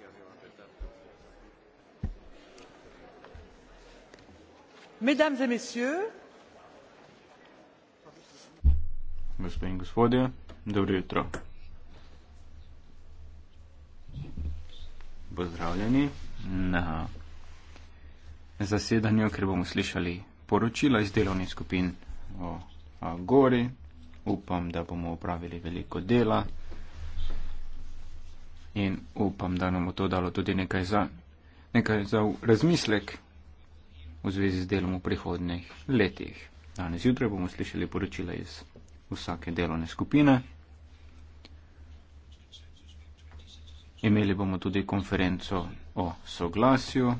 monsieur le président mesdames et messieurs pozdravljeni na zasedanju, ker bomo slišali poročila iz delovnih skupin o gori. Upam, da bomo upravili veliko dela in upam, da nam bo to dalo tudi nekaj za, nekaj za razmislek v zvezi z delom v prihodnih letih. Danes jutro bomo slišali poročila iz vsake delovne skupine. Imeli bomo tudi konferenco o soglasju.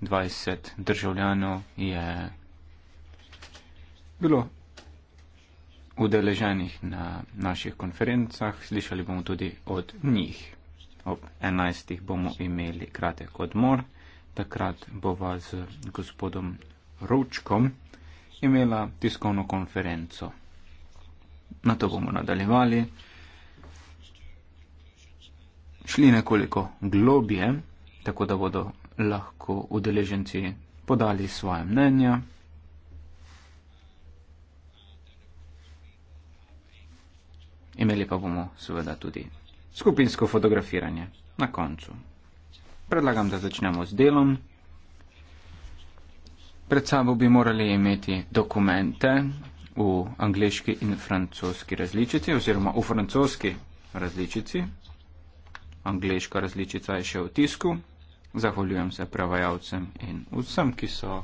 20 državljanov je bilo udeleženih na naših konferencah. Slišali bomo tudi od njih ob 11. bomo imeli kratek odmor, takrat bova z gospodom Ročkom imela tiskovno konferenco. Na to bomo nadaljevali, šli nekoliko globije, tako da bodo lahko udeleženci podali svoje mnenja. Imeli pa bomo seveda tudi skupinsko fotografiranje na koncu. Predlagam, da začnemo z delom. Pred sabo bi morali imeti dokumente v angliški in francoski različici, oziroma v francoski različici. Angliška različica je še v tisku. Zahvaljujem se prevajalcem in vsem, ki so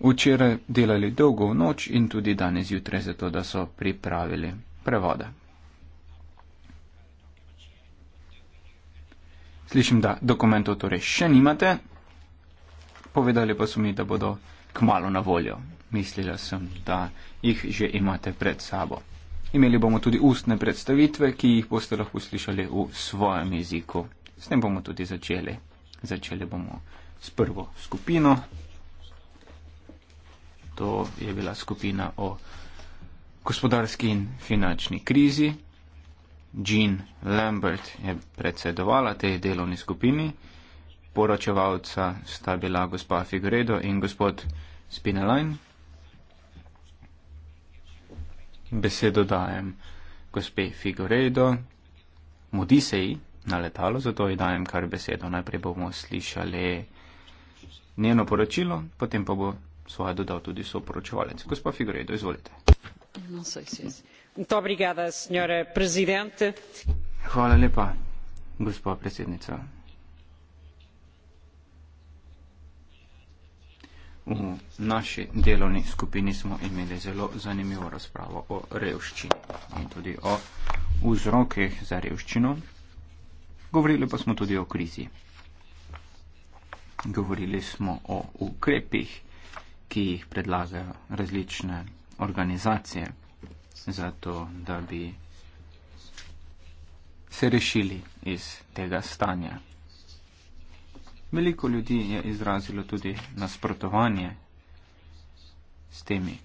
včeraj delali dolgo v noč in tudi danes jutraj za to, da so pripravili prevode. Slišim, da dokumentov torej še nimate. Povedali pa so mi, da bodo kmalo na voljo. Mislila sem, da jih že imate pred sabo. Imeli bomo tudi ustne predstavitve, ki jih boste lahko slišali v svojem jeziku. S tem bomo tudi začeli. Začeli bomo s prvo skupino. To je bila skupina o gospodarski in finančni krizi. Jean Lambert je predsedovala tej delovni skupini, poročevalca sta bila gospa Figredo in gospod Spinelajn. Besedo dajem gospe Figredo, modi se ji na letalo, zato ji dajem kar besedo. Najprej bomo slišali njeno poročilo, potem pa bo svoje dodal tudi soporočevalec. Gospa Figredo, izvolite. No, so, so, so hvala lepa gospa predsednica v naši delovni skupini smo imeli zelo zanimivo razpravo o revščini in tudi o vzrokih za revščino govorili pa smo tudi o krizi govorili smo o ukrepih ki jih predlagajo različne organizacije zato da bi se rešili iz tega stanja. Veliko ljudi je izrazilo tudi nasprotovanje s temi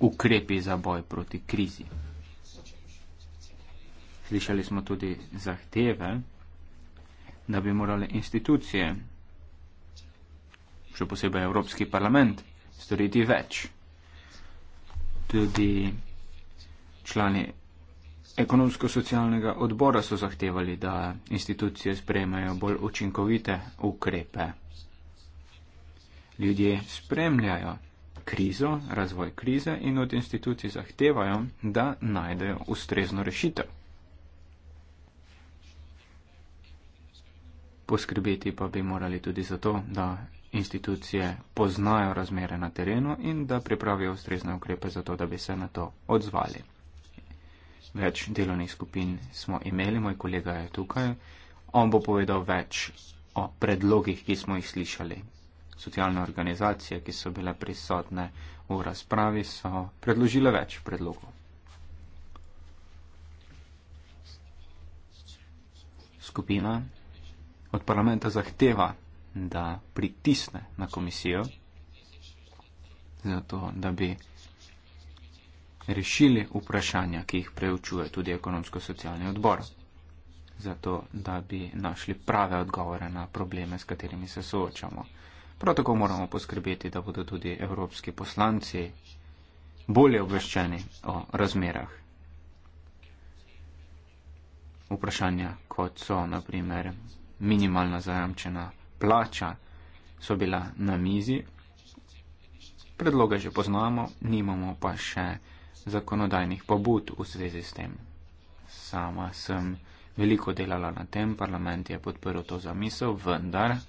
ukrepi za boj proti krizi. Slišali smo tudi zahteve, da bi morale institucije, še posebej Evropski parlament, storiti več. Tudi Člani ekonomsko-socialnega odbora so zahtevali, da institucije sprejmejo bolj učinkovite ukrepe. Ljudje spremljajo krizo, razvoj krize in od institucij zahtevajo, da najdejo ustrezno rešitev. Poskrbeti pa bi morali tudi zato, da institucije poznajo razmere na terenu in da pripravijo ustrezne ukrepe za to, da bi se na to odzvali več delovnih skupin smo imeli, moj kolega je tukaj. On bo povedal več o predlogih, ki smo jih slišali. Socialne organizacije, ki so bile prisotne v razpravi, so predložile več predlogov. Skupina od parlamenta zahteva, da pritisne na komisijo, zato da bi rešili vprašanja, ki jih preučuje tudi ekonomsko-socialni odbor, zato da bi našli prave odgovore na probleme, s katerimi se soočamo. Prav tako moramo poskrbeti, da bodo tudi evropski poslanci bolje obveščeni o razmerah. Vprašanja, kot so naprimer minimalna zajamčena plača, so bila na mizi. Predloge že poznamo, nimamo pa še zakonodajnih pobud v zvezi s tem. Sama sem veliko delala na tem, parlament je podprl to zamisel, vendar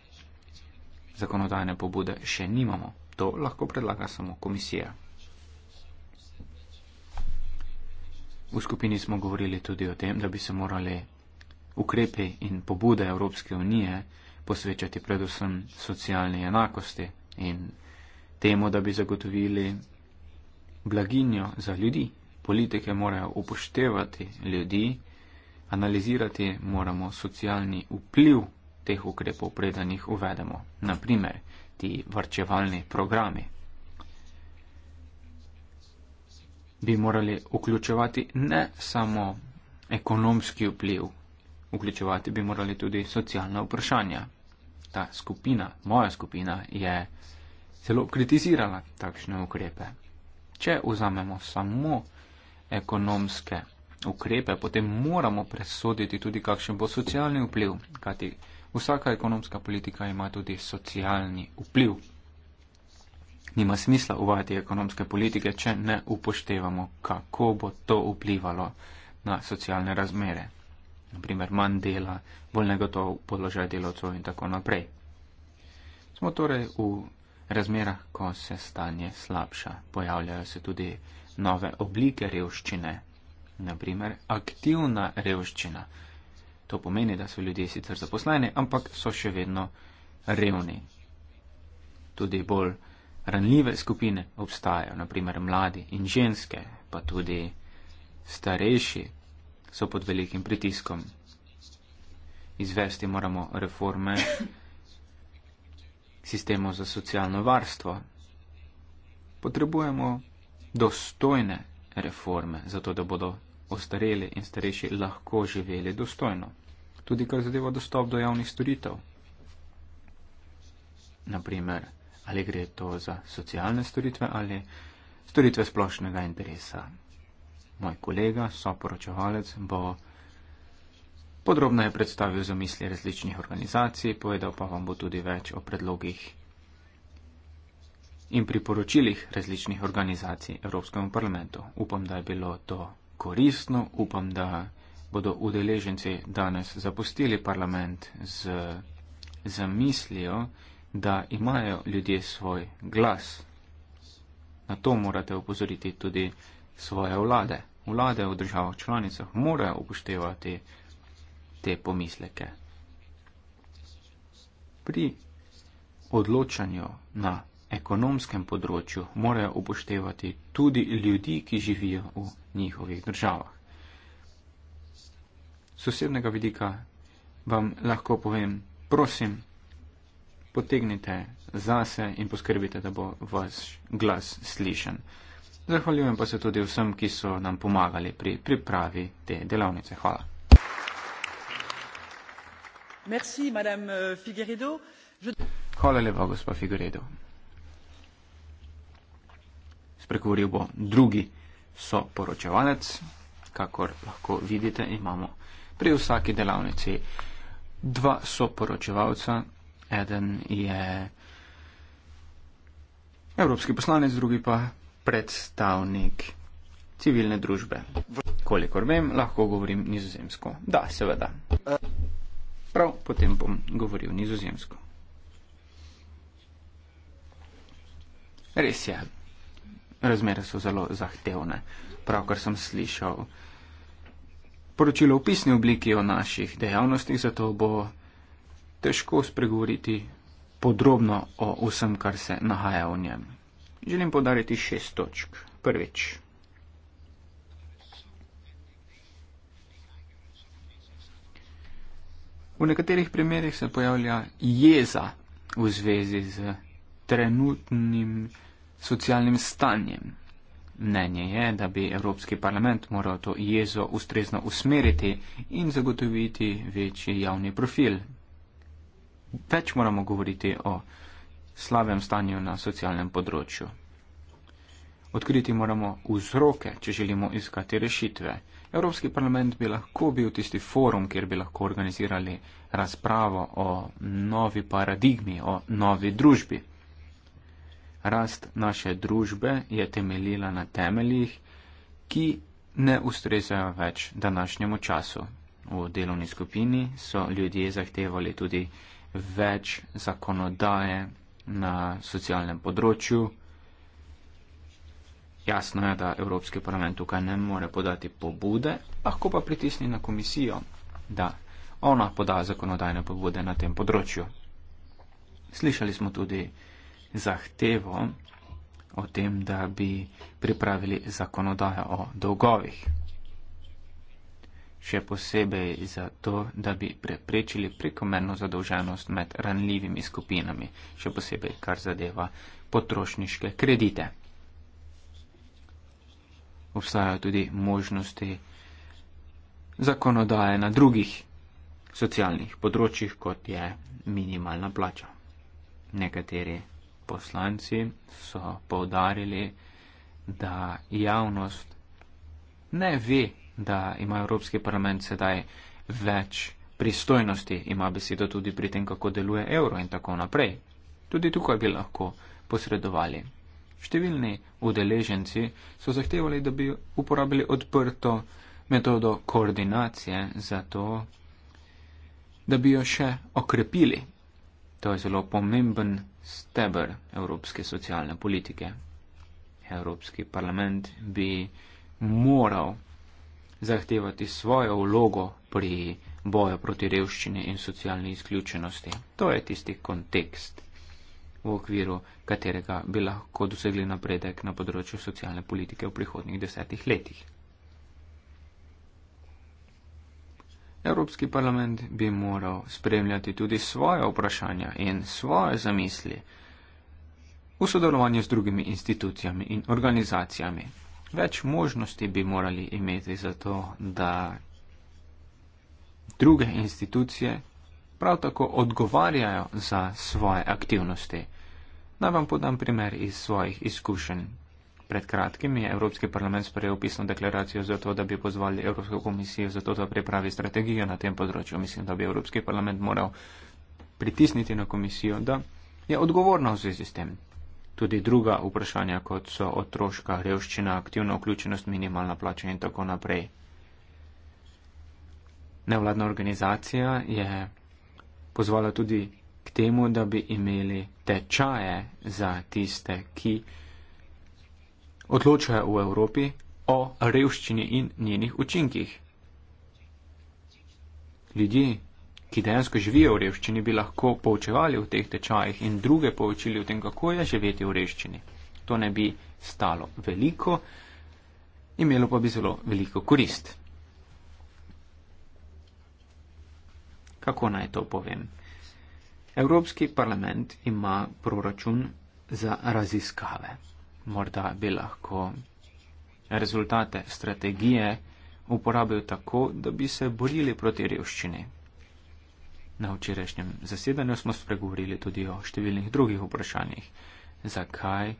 zakonodajne pobude še nimamo. To lahko predlaga samo komisija. V skupini smo govorili tudi o tem, da bi se morali ukrepi in pobude Evropske unije posvečati predvsem socialni enakosti in temu, da bi zagotovili blaginjo za ljudi. Politike morajo upoštevati ljudi, analizirati moramo socialni vpliv teh ukrepov, preden jih uvedemo, naprimer ti varčevalni programi. Bi morali vključevati ne samo ekonomski vpliv, vključevati bi morali tudi socialna vprašanja. Ta skupina, moja skupina, je zelo kritizirala takšne ukrepe če vzamemo samo ekonomske ukrepe, potem moramo presoditi tudi, kakšen bo socialni vpliv, kajti vsaka ekonomska politika ima tudi socialni vpliv. Nima smisla uvajati ekonomske politike, če ne upoštevamo, kako bo to vplivalo na socialne razmere. Naprimer, manj dela, bolj negotov položaj delovcev in tako naprej. Smo torej v razmerah, ko se stanje slabša, pojavljajo se tudi nove oblike revščine, naprimer aktivna revščina. To pomeni, da so ljudje sicer zaposleni, ampak so še vedno revni. Tudi bolj ranljive skupine obstajajo, naprimer mladi in ženske, pa tudi starejši so pod velikim pritiskom. Izvesti moramo reforme, sistemu za socialno varstvo. Potrebujemo dostojne reforme, zato da bodo ostareli in starejši lahko živeli dostojno. Tudi kar zadeva dostop do javnih storitev. Naprimer, ali gre to za socialne storitve ali storitve splošnega interesa. Moj kolega, soporočevalec, bo. Podrobno je predstavil zamisli različnih organizacij, povedal pa vam bo tudi več o predlogih in priporočilih različnih organizacij Evropskemu parlamentu. Upam, da je bilo to koristno, upam, da bodo udeleženci danes zapustili parlament z zamislijo, da imajo ljudje svoj glas. Na to morate upozoriti tudi svoje vlade. Vlade v državah članicah morajo upoštevati te pomisleke. Pri odločanju na ekonomskem področju morajo upoštevati tudi ljudi, ki živijo v njihovih državah. Z osebnega vidika vam lahko povem, prosim, potegnite zase in poskrbite, da bo vaš glas slišen. Zahvaljujem pa se tudi vsem, ki so nam pomagali pri pripravi te delavnice. Hvala. Euh, Hvala lepa, gospa Figueredo. Spregovoril bo drugi soporočevalec. Kakor lahko vidite, imamo pri vsaki delavnici dva soporočevalca. Eden je evropski poslanec, drugi pa predstavnik civilne družbe. Kolikor vem, lahko govorim nizozemsko. Da, seveda. Prav, potem bom govoril nizozemsko. Res je, razmere so zelo zahtevne. Pravkar sem slišal poročilo v pisni obliki o naših dejavnostih, zato bo težko spregovoriti podrobno o vsem, kar se nahaja v njem. Želim podariti šest točk. Prvič. V nekaterih primerjih se pojavlja jeza v zvezi z trenutnim socialnim stanjem. Mnenje je, da bi Evropski parlament moral to jezo ustrezno usmeriti in zagotoviti večji javni profil. Več moramo govoriti o slabem stanju na socialnem področju. Odkriti moramo vzroke, če želimo iskati rešitve. Evropski parlament bi lahko bil tisti forum, kjer bi lahko organizirali razpravo o novi paradigmi, o novi družbi. Rast naše družbe je temeljila na temeljih, ki ne ustrezajo več današnjemu času. V delovni skupini so ljudje zahtevali tudi več zakonodaje na socialnem področju. Jasno je, da Evropski parlament tukaj ne more podati pobude, lahko pa pritisni na komisijo, da ona poda zakonodajne pobude na tem področju. Slišali smo tudi zahtevo o tem, da bi pripravili zakonodajo o dolgovih. Še posebej zato, da bi preprečili prekomerno zadolženost med ranljivimi skupinami, še posebej kar zadeva potrošniške kredite obstajajo tudi možnosti zakonodaje na drugih socialnih področjih, kot je minimalna plača. Nekateri poslanci so povdarili, da javnost ne ve, da ima Evropski parlament sedaj več pristojnosti, ima besedo tudi pri tem, kako deluje evro in tako naprej. Tudi tukaj bi lahko posredovali Številni udeleženci so zahtevali, da bi uporabili odprto metodo koordinacije za to, da bi jo še okrepili. To je zelo pomemben stebr evropske socialne politike. Evropski parlament bi moral zahtevati svojo vlogo pri boju proti revščini in socialni izključenosti. To je tisti kontekst v okviru katerega bi lahko dosegli napredek na področju socialne politike v prihodnjih desetih letih. Evropski parlament bi moral spremljati tudi svoje vprašanja in svoje zamisli v sodelovanju z drugimi institucijami in organizacijami. Več možnosti bi morali imeti za to, da druge institucije prav tako odgovarjajo za svoje aktivnosti. Naj vam podam primer iz svojih izkušenj. Pred kratkim je Evropski parlament sprejel pisno deklaracijo za to, da bi pozvali Evropsko komisijo za to, da pripravi strategijo na tem področju. Mislim, da bi Evropski parlament moral pritisniti na komisijo, da je odgovorna v zvezi s tem. Tudi druga vprašanja, kot so otroška revščina, aktivna vključenost, minimalna plača in tako naprej. Nevladna organizacija je pozvala tudi k temu, da bi imeli tečaje za tiste, ki odločajo v Evropi o revščini in njenih učinkih. Ljudje, ki dejansko živijo v revščini, bi lahko poučevali v teh tečajih in druge poučili o tem, kako je živeti v revščini. To ne bi stalo veliko, imelo pa bi zelo veliko koristi. kako naj to povem. Evropski parlament ima proračun za raziskave. Morda bi lahko rezultate strategije uporabil tako, da bi se borili proti revščini. Na včerajšnjem zasedanju smo spregovorili tudi o številnih drugih vprašanjih. Zakaj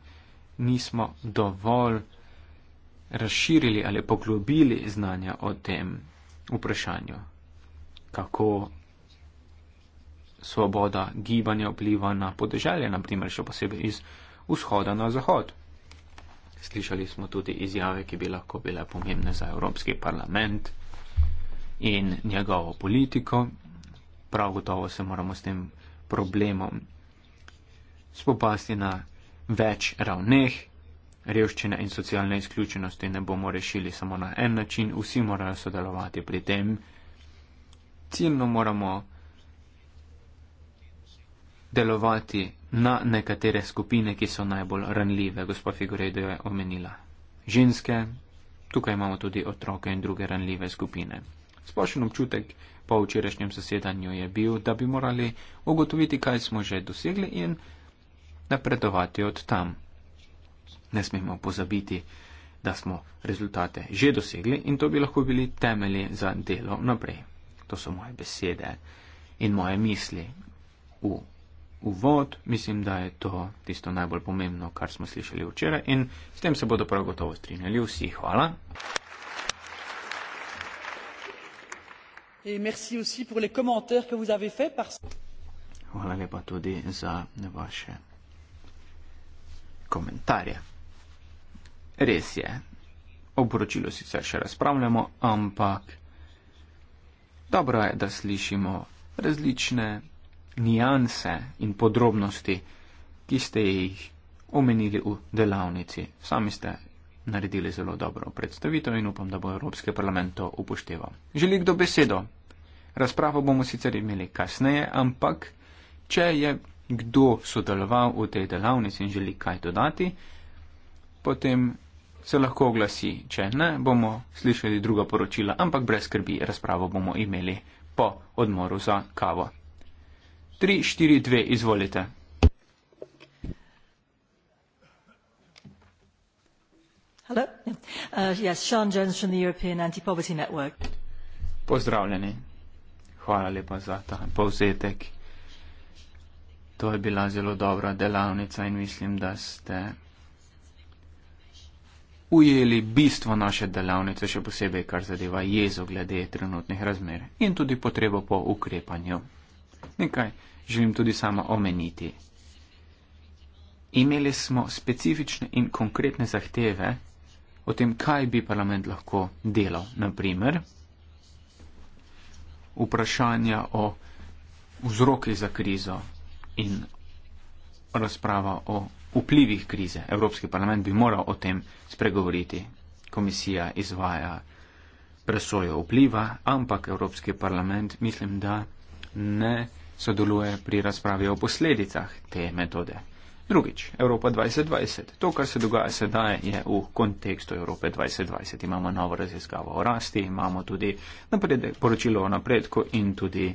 nismo dovolj razširili ali poglobili znanja o tem vprašanju? Kako svoboda gibanja vpliva na podeželje, naprimer še posebej iz vzhoda na zahod. Slišali smo tudi izjave, ki bi lahko bile pomembne za Evropski parlament in njegovo politiko. Prav gotovo se moramo s tem problemom spopasti na več ravneh. Revščine in socialne izključenosti ne bomo rešili samo na en način, vsi morajo sodelovati pri tem. Ciljno moramo delovati na nekatere skupine, ki so najbolj ranljive. Gospod Figuredo je omenila ženske, tukaj imamo tudi otroke in druge ranljive skupine. Splošen občutek po včerajšnjem zasedanju je bil, da bi morali ugotoviti, kaj smo že dosegli in napredovati od tam. Ne smemo pozabiti, da smo rezultate že dosegli in to bi lahko bili temelji za delo naprej. To so moje besede in moje misli v uvod, mislim, da je to tisto najbolj pomembno, kar smo slišali včeraj in s tem se bodo prav gotovo strinjali vsi. Hvala. Hvala lepa tudi za vaše komentarje. Res je, o poročilu sicer še razpravljamo, ampak dobro je, da slišimo različne nianse in podrobnosti, ki ste jih omenili v delavnici. Sami ste naredili zelo dobro predstavitev in upam, da bo Evropski parlament to upošteval. Želi kdo besedo? Razpravo bomo sicer imeli kasneje, ampak če je kdo sodeloval v tej delavnici in želi kaj dodati, potem se lahko oglasi. Če ne, bomo slišali druga poročila, ampak brez skrbi, razpravo bomo imeli po odmoru za kavo tri, štiri, dve, izvolite. Hello. Uh, yes, Sean Jones from the European Anti-Poverty Network. Pozdravljeni. Hvala lepa za ta povzetek. To je bila zelo dobra delavnica in mislim, da ste ujeli bistvo naše delavnice, še posebej, kar zadeva jezo glede trenutnih razmer in tudi potrebo po ukrepanju. Nekaj. Okay želim tudi sama omeniti. Imeli smo specifične in konkretne zahteve o tem, kaj bi parlament lahko delal. Naprimer, vprašanja o vzroki za krizo in razprava o vplivih krize. Evropski parlament bi moral o tem spregovoriti. Komisija izvaja presojo vpliva, ampak Evropski parlament mislim, da ne sodeluje pri razpravi o posledicah te metode. Drugič, Evropa 2020. To, kar se dogaja sedaj, je v kontekstu Evrope 2020. Imamo novo raziskavo o rasti, imamo tudi napredek, poročilo o napredku in tudi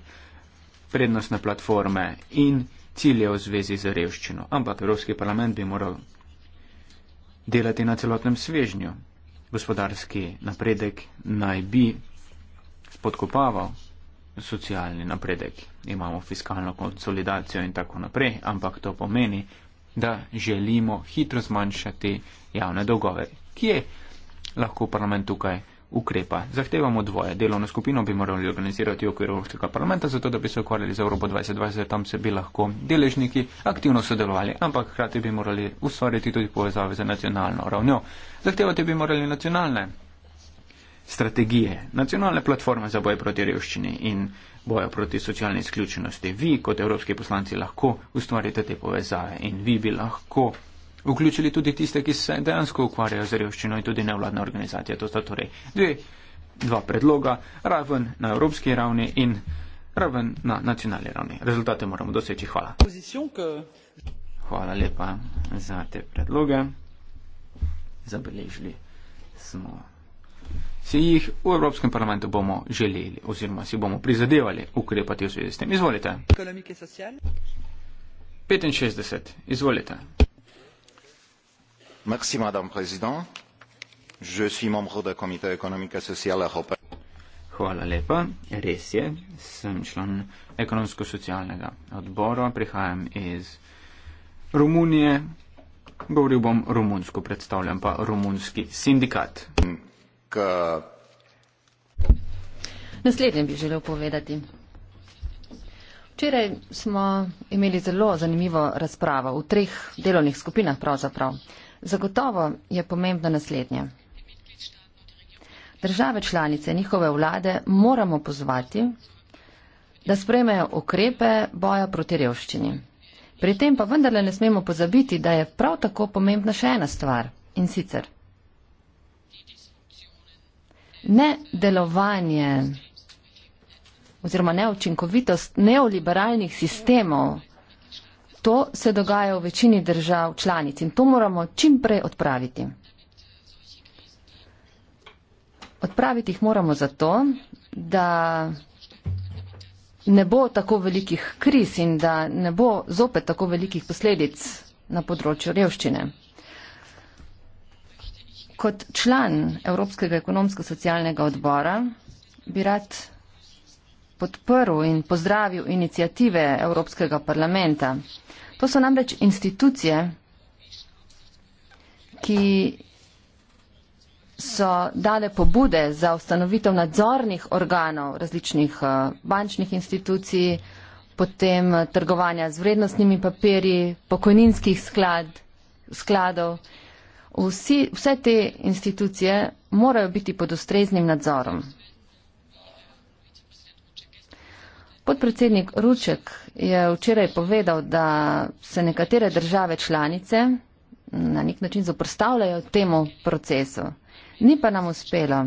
prednostne platforme in cilje v zvezi z revščino. Ampak Evropski parlament bi moral delati na celotnem svežnju. Gospodarski napredek naj bi spodkopaval socialni napredek, imamo fiskalno konsolidacijo in tako naprej, ampak to pomeni, da želimo hitro zmanjšati javne dolgove. Kje lahko parlament tukaj ukrepa? Zahtevamo dvoje. Delovno skupino bi morali organizirati v okviru Evropskega parlamenta, zato da bi se ukvarjali z Evropo 2020, tam se bi lahko deležniki aktivno sodelovali, ampak hkrati bi morali ustvariti tudi povezave za nacionalno ravnjo. Zahtevati bi morali nacionalne strategije, nacionalne platforme za boj proti revščini in boja proti socialni izključenosti. Vi kot evropski poslanci lahko ustvarite te povezave in vi bi lahko vključili tudi tiste, ki se dejansko ukvarjajo z revščino in tudi nevladne organizacije. To sta torej dve, dva predloga, raven na evropski ravni in raven na nacionalni ravni. Rezultate moramo doseči. Hvala. Hvala lepa za te predloge. Zabeležili smo se jih v Evropskem parlamentu bomo želeli oziroma si bomo prizadevali ukrepati v zvezi s tem. Izvolite. 65. Izvolite. Merci, madame président. Je suis membre de Comité économique et social européen. Hvala lepa, res je, sem član ekonomsko-socialnega odbora, prihajam iz Romunije, govoril bom romunsko, predstavljam pa romunski sindikat. Naslednje bi želel povedati. Včeraj smo imeli zelo zanimivo razpravo v treh delovnih skupinah pravzaprav. Zagotovo je pomembno naslednje. Države članice, njihove vlade moramo pozvati, da sprejmejo ukrepe boja proti revščini. Pri tem pa vendarle ne smemo pozabiti, da je prav tako pomembna še ena stvar in sicer nedelovanje oziroma neučinkovitost neoliberalnih sistemov. To se dogaja v večini držav članic in to moramo čim prej odpraviti. Odpraviti jih moramo zato, da ne bo tako velikih kriz in da ne bo zopet tako velikih posledic na področju revščine. Kot član Evropskega ekonomsko-socialnega odbora bi rad podprl in pozdravil inicijative Evropskega parlamenta. To so namreč institucije, ki so dale pobude za ustanovitev nadzornih organov različnih eh, bančnih institucij, potem eh, trgovanja z vrednostnimi papirji, pokojninskih sklad, skladov. Vsi, vse te institucije morajo biti pod ustreznim nadzorom. Podpredsednik Ruček je včeraj povedal, da se nekatere države članice na nek način zoprstavljajo temu procesu. Ni pa nam uspelo.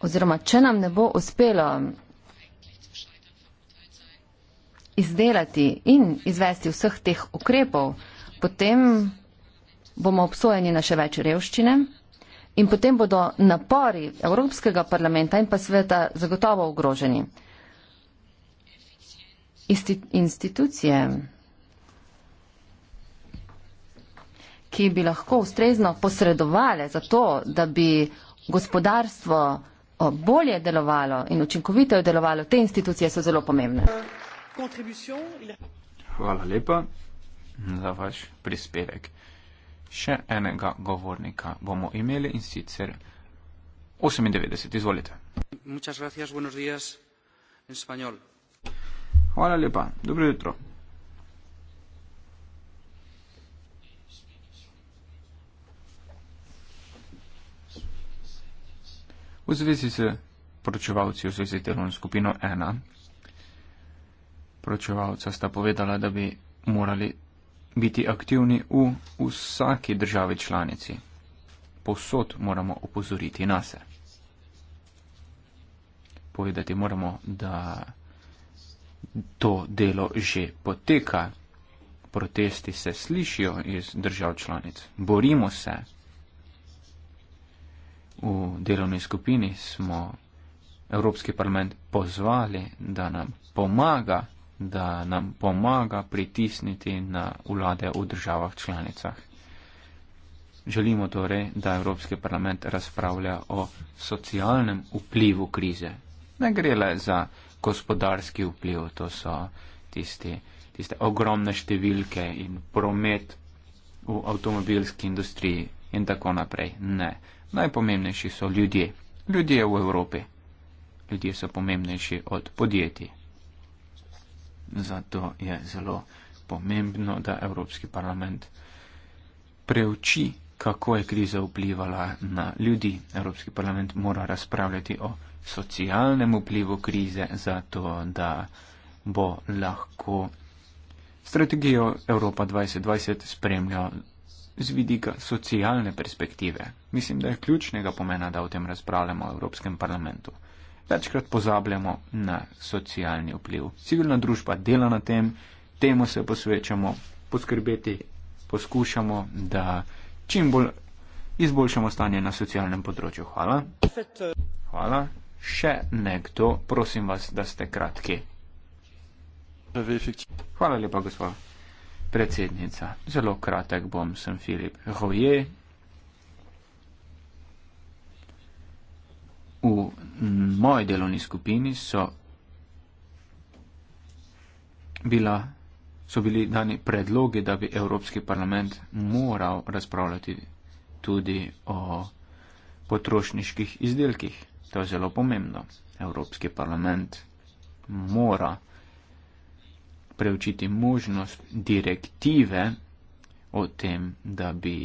Oziroma, če nam ne bo uspelo izdelati in izvesti vseh teh ukrepov, potem bomo obsojeni na še več revščine in potem bodo napori Evropskega parlamenta in pa sveta zagotovo ogroženi. Isti, institucije, ki bi lahko ustrezno posredovale za to, da bi gospodarstvo eh, bolje delovalo in učinkovito je delovalo, te institucije so zelo pomembne. Hvala lepa za vaš prispevek. Še enega govornika bomo imeli in sicer 98. Izvolite. Muchas gracias, buenos días en español. Hvala lepa, dobro jutro. V zvezi s poročevalci v zvezi telovno skupino 1, poročevalca sta povedala, da bi morali biti aktivni v vsaki državi članici. Posod moramo upozoriti na se. Povedati moramo, da to delo že poteka. Protesti se slišijo iz držav članic. Borimo se. V delovni skupini smo Evropski parlament pozvali, da nam pomaga da nam pomaga pritisniti na vlade v državah članicah. Želimo torej, da Evropski parlament razpravlja o socialnem vplivu krize. Ne gre le za gospodarski vpliv, to so tisti, tiste ogromne številke in promet v avtomobilski industriji in tako naprej. Ne. Najpomembnejši so ljudje. Ljudje v Evropi. Ljudje so pomembnejši od podjetij. Zato je zelo pomembno, da Evropski parlament preuči, kako je kriza vplivala na ljudi. Evropski parlament mora razpravljati o socialnem vplivu krize, zato da bo lahko strategijo Evropa 2020 spremljal z vidika socialne perspektive. Mislim, da je ključnega pomena, da o tem razpravljamo v Evropskem parlamentu večkrat pozabljamo na socialni vpliv. Civilna družba dela na tem, temu se posvečamo, poskrbeti poskušamo, da čim bolj izboljšamo stanje na socialnem področju. Hvala. Hvala. Še nekdo, prosim vas, da ste kratki. Hvala lepa, gospod predsednica. Zelo kratek bom, sem Filip Hoje. v moji delovni skupini so, bila, so bili dani predlogi, da bi Evropski parlament moral razpravljati tudi o potrošniških izdelkih. To je zelo pomembno. Evropski parlament mora preučiti možnost direktive o tem, da bi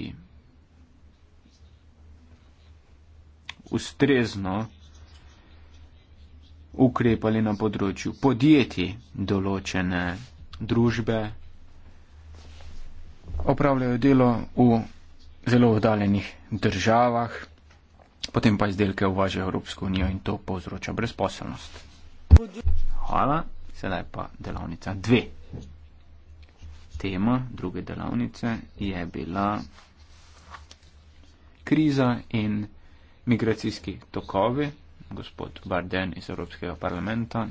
ustrezno ukrepali na področju podjetij, določene družbe opravljajo delo v zelo oddaljenih državah, potem pa izdelke uvažajo Evropsko unijo in to povzroča brezposelnost. Hvala, sedaj pa delavnica dve. Tema druge delavnice je bila kriza in migracijski tokovi, gospod Barden iz Evropskega parlamenta,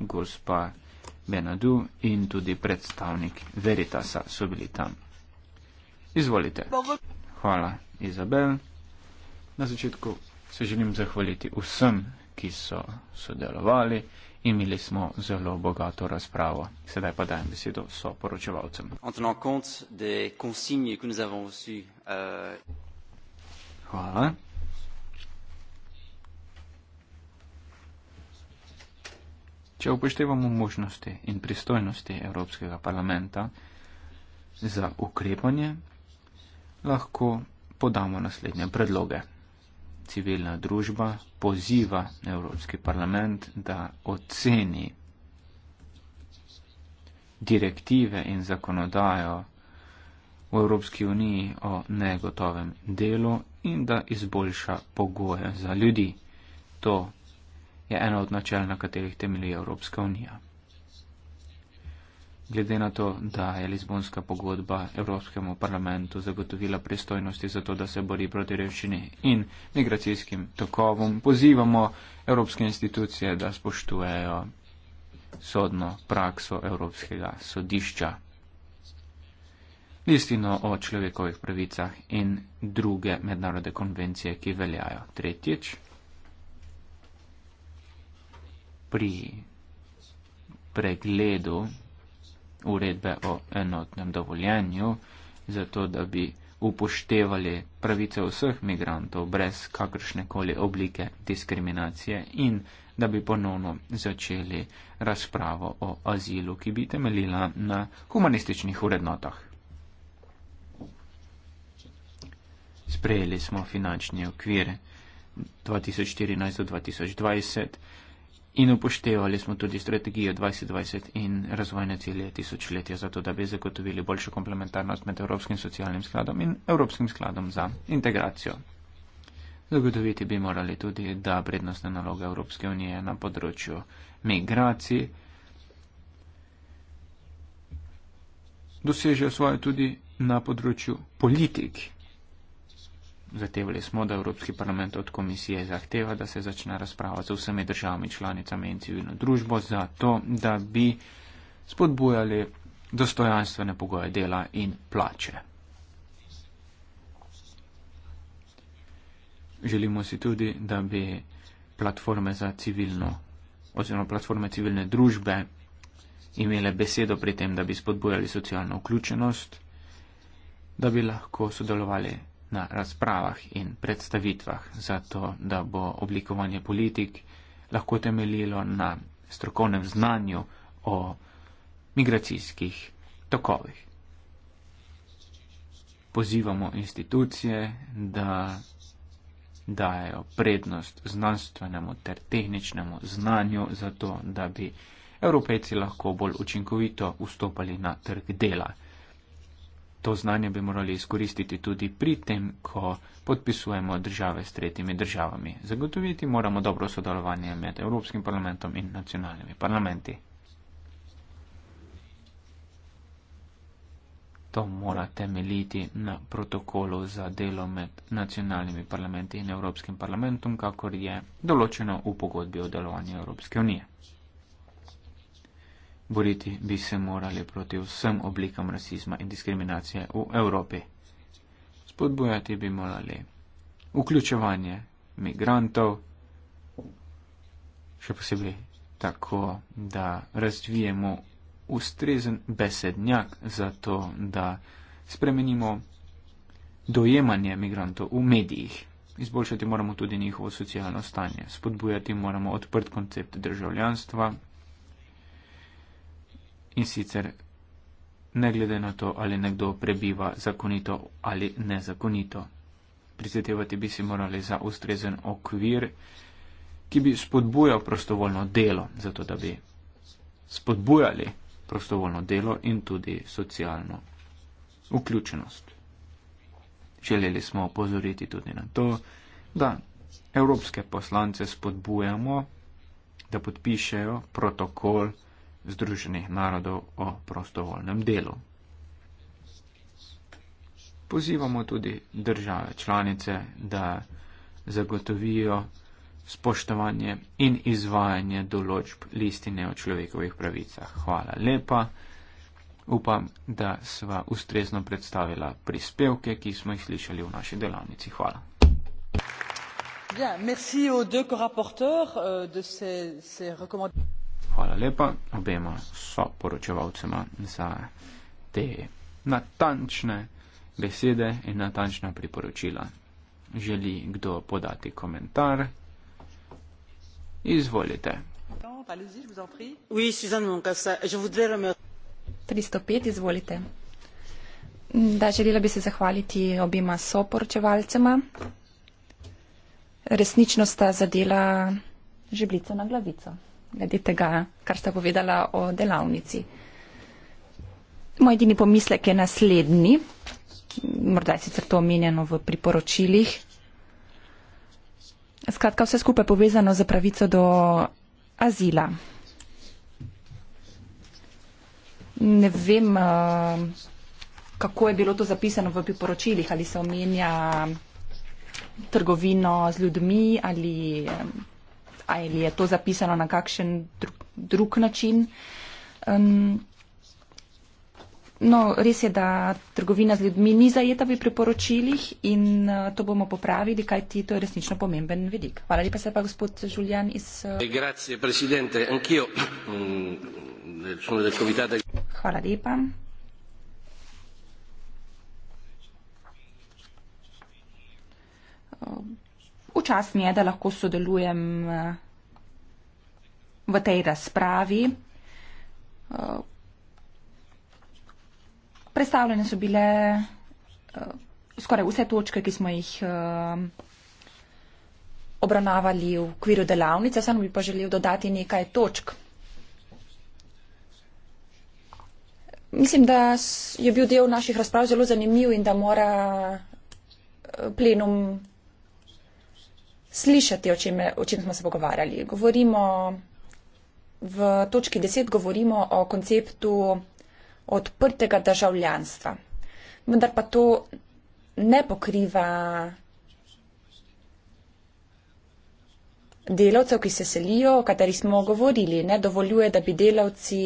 gospa Benadu in tudi predstavnik Veritasa so bili tam. Izvolite. Hvala, Izabel. Na začetku se želim zahvaliti vsem, ki so sodelovali. Imeli smo zelo bogato razpravo. Sedaj pa dajem besedo soporočevalcem. Euh, Hvala. Če upoštevamo možnosti in pristojnosti Evropskega parlamenta za ukrepanje, lahko podamo naslednje predloge. Civilna družba poziva Evropski parlament, da oceni direktive in zakonodajo v Evropski uniji o negotovem delu in da izboljša pogoje za ljudi. To je eno od načel, na katerih temelji Evropska unija. Glede na to, da je Lizbonska pogodba Evropskemu parlamentu zagotovila pristojnosti za to, da se bori proti revščini in migracijskim tokovom, pozivamo Evropske institucije, da spoštujejo sodno prakso Evropskega sodišča. Listino o človekovih pravicah in druge mednarode konvencije, ki veljajo. Tretjič pri pregledu uredbe o enotnem dovoljenju, zato da bi upoštevali pravice vseh migrantov brez kakršnekoli oblike diskriminacije in da bi ponovno začeli razpravo o azilu, ki bi temeljila na humanističnih urednotah. Sprejeli smo finančni okvir 2014-2020 in upoštevali smo tudi strategijo 2020 in razvojne cilje tisočletja za to, da bi zagotovili boljšo komplementarnost med Evropskim socialnim skladom in Evropskim skladom za integracijo. Zagotoviti bi morali tudi, da prednostne naloge Evropske unije na področju migracij dosežejo svoje tudi na področju politik zatevali smo, da Evropski parlament od komisije zahteva, da se začne razprava z vsemi državami, članicami in civilno družbo za to, da bi spodbujali dostojanstvene pogoje dela in plače. Želimo si tudi, da bi platforme za civilno oziroma platforme civilne družbe imele besedo pri tem, da bi spodbujali socialno vključenost, da bi lahko sodelovali na razpravah in predstavitvah, zato da bo oblikovanje politik lahko temeljilo na strokovnem znanju o migracijskih tokovih. Pozivamo institucije, da dajo prednost znanstvenemu ter tehničnemu znanju, zato da bi evropejci lahko bolj učinkovito vstopali na trg dela to znanje bi morali izkoristiti tudi pri tem, ko podpisujemo države s tretjimi državami. Zagotoviti moramo dobro sodelovanje med Evropskim parlamentom in nacionalnimi parlamenti. To mora temeljiti na protokolu za delo med nacionalnimi parlamenti in Evropskim parlamentom, kakor je določeno v pogodbi o delovanju Evropske unije. Boriti bi se morali proti vsem oblikam rasizma in diskriminacije v Evropi. Spodbujati bi morali vključevanje migrantov, še posebej tako, da razvijemo ustrezen besednjak za to, da spremenimo dojemanje migrantov v medijih. Izboljšati moramo tudi njihovo socialno stanje. Spodbujati moramo odprt koncept državljanstva, in sicer ne glede na to, ali nekdo prebiva zakonito ali nezakonito. Prizadevati bi si morali za ustrezen okvir, ki bi spodbujal prostovoljno delo, zato da bi spodbujali prostovoljno delo in tudi socialno vključenost. Želeli smo opozoriti tudi na to, da evropske poslance spodbujamo, da podpišejo protokol, Združenih narodov o prostovoljnem delu. Pozivamo tudi države članice, da zagotovijo spoštovanje in izvajanje določb listine o človekovih pravicah. Hvala lepa. Upam, da sva ustrezno predstavila prispevke, ki smo jih slišali v naši delavnici. Hvala. Bien, merci aux deux Hvala lepa obema soporočevalcema za te natančne besede in natančna priporočila. Želi kdo podati komentar? Izvolite. 305, izvolite. Da, želela bi se zahvaliti obima soporočevalcema. Resnično sta zadela žeblico na glavico glede tega, kar sta povedala o delavnici. Moj edini pomislek je naslednji, morda je sicer to omenjeno v priporočilih. Skratka, vse skupaj je povezano z pravico do azila. Ne vem, eh, kako je bilo to zapisano v priporočilih, ali se omenja trgovino z ljudmi ali eh, ali je to zapisano na kakšen drug, drug način. Um, no, res je, da trgovina z ljudmi ni zajeta v priporočilih in uh, to bomo popravili, kaj ti to je resnično pomemben vidik. Hvala lepa se pa gospod Žuljan iz. Eh, eh, mm, Hvala lepa. Um, Včasih je, da lahko sodelujem eh, v tej razpravi. Eh, predstavljene so bile eh, skoraj vse točke, ki smo jih obravnavali v okviru delavnice. Sam bi pa želel dodati nekaj točk. Mislim, da je bil del naših razprav zelo zanimiv in da mora plenum slišati, o čem, o čem smo se pogovarjali. Govorimo, v točki 10 govorimo o konceptu odprtega državljanstva. Vendar pa to ne pokriva delavcev, ki se selijo, o katerih smo govorili. Ne dovoljuje, da bi delavci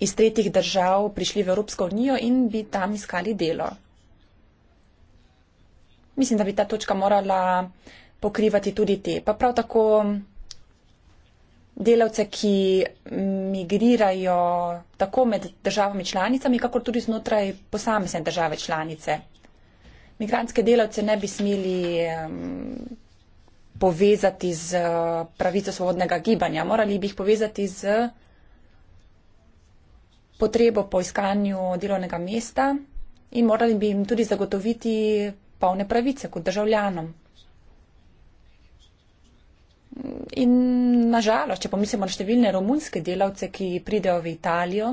iz tretjih držav prišli v Evropsko unijo in bi tam iskali delo mislim, da bi ta točka morala pokrivati tudi te. Pa prav tako delavce, ki migrirajo tako med državami članicami, kakor tudi znotraj posamezne države članice. Migranske delavce ne bi smeli povezati z eh, pravico svobodnega gibanja. Morali bi jih povezati z potrebo po iskanju delovnega mesta in morali bi jim tudi zagotoviti polne pravice kot državljanom. In nažalost, če pomislimo na številne romunske delavce, ki pridejo v Italijo,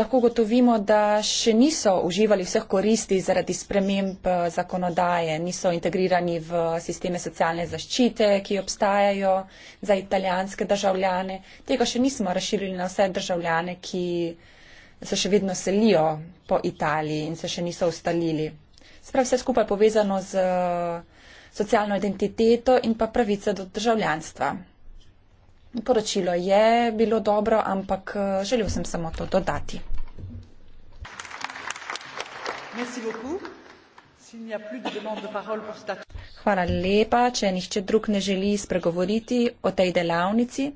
lahko gotovimo, da še niso uživali vseh koristi zaradi sprememb eh, zakonodaje, niso integrirani v sisteme socialne zaščite, ki obstajajo za italijanske državljane. Tega še nismo razširili na vse državljane, ki se še vedno selijo po Italiji in se še niso ustalili. Sprav vse skupaj povezano z eh, socialno identiteto in pa pravice do državljanstva. Poročilo je bilo dobro, ampak eh, želel sem samo to dodati. Hvala lepa, če nihče drug ne želi spregovoriti o tej delavnici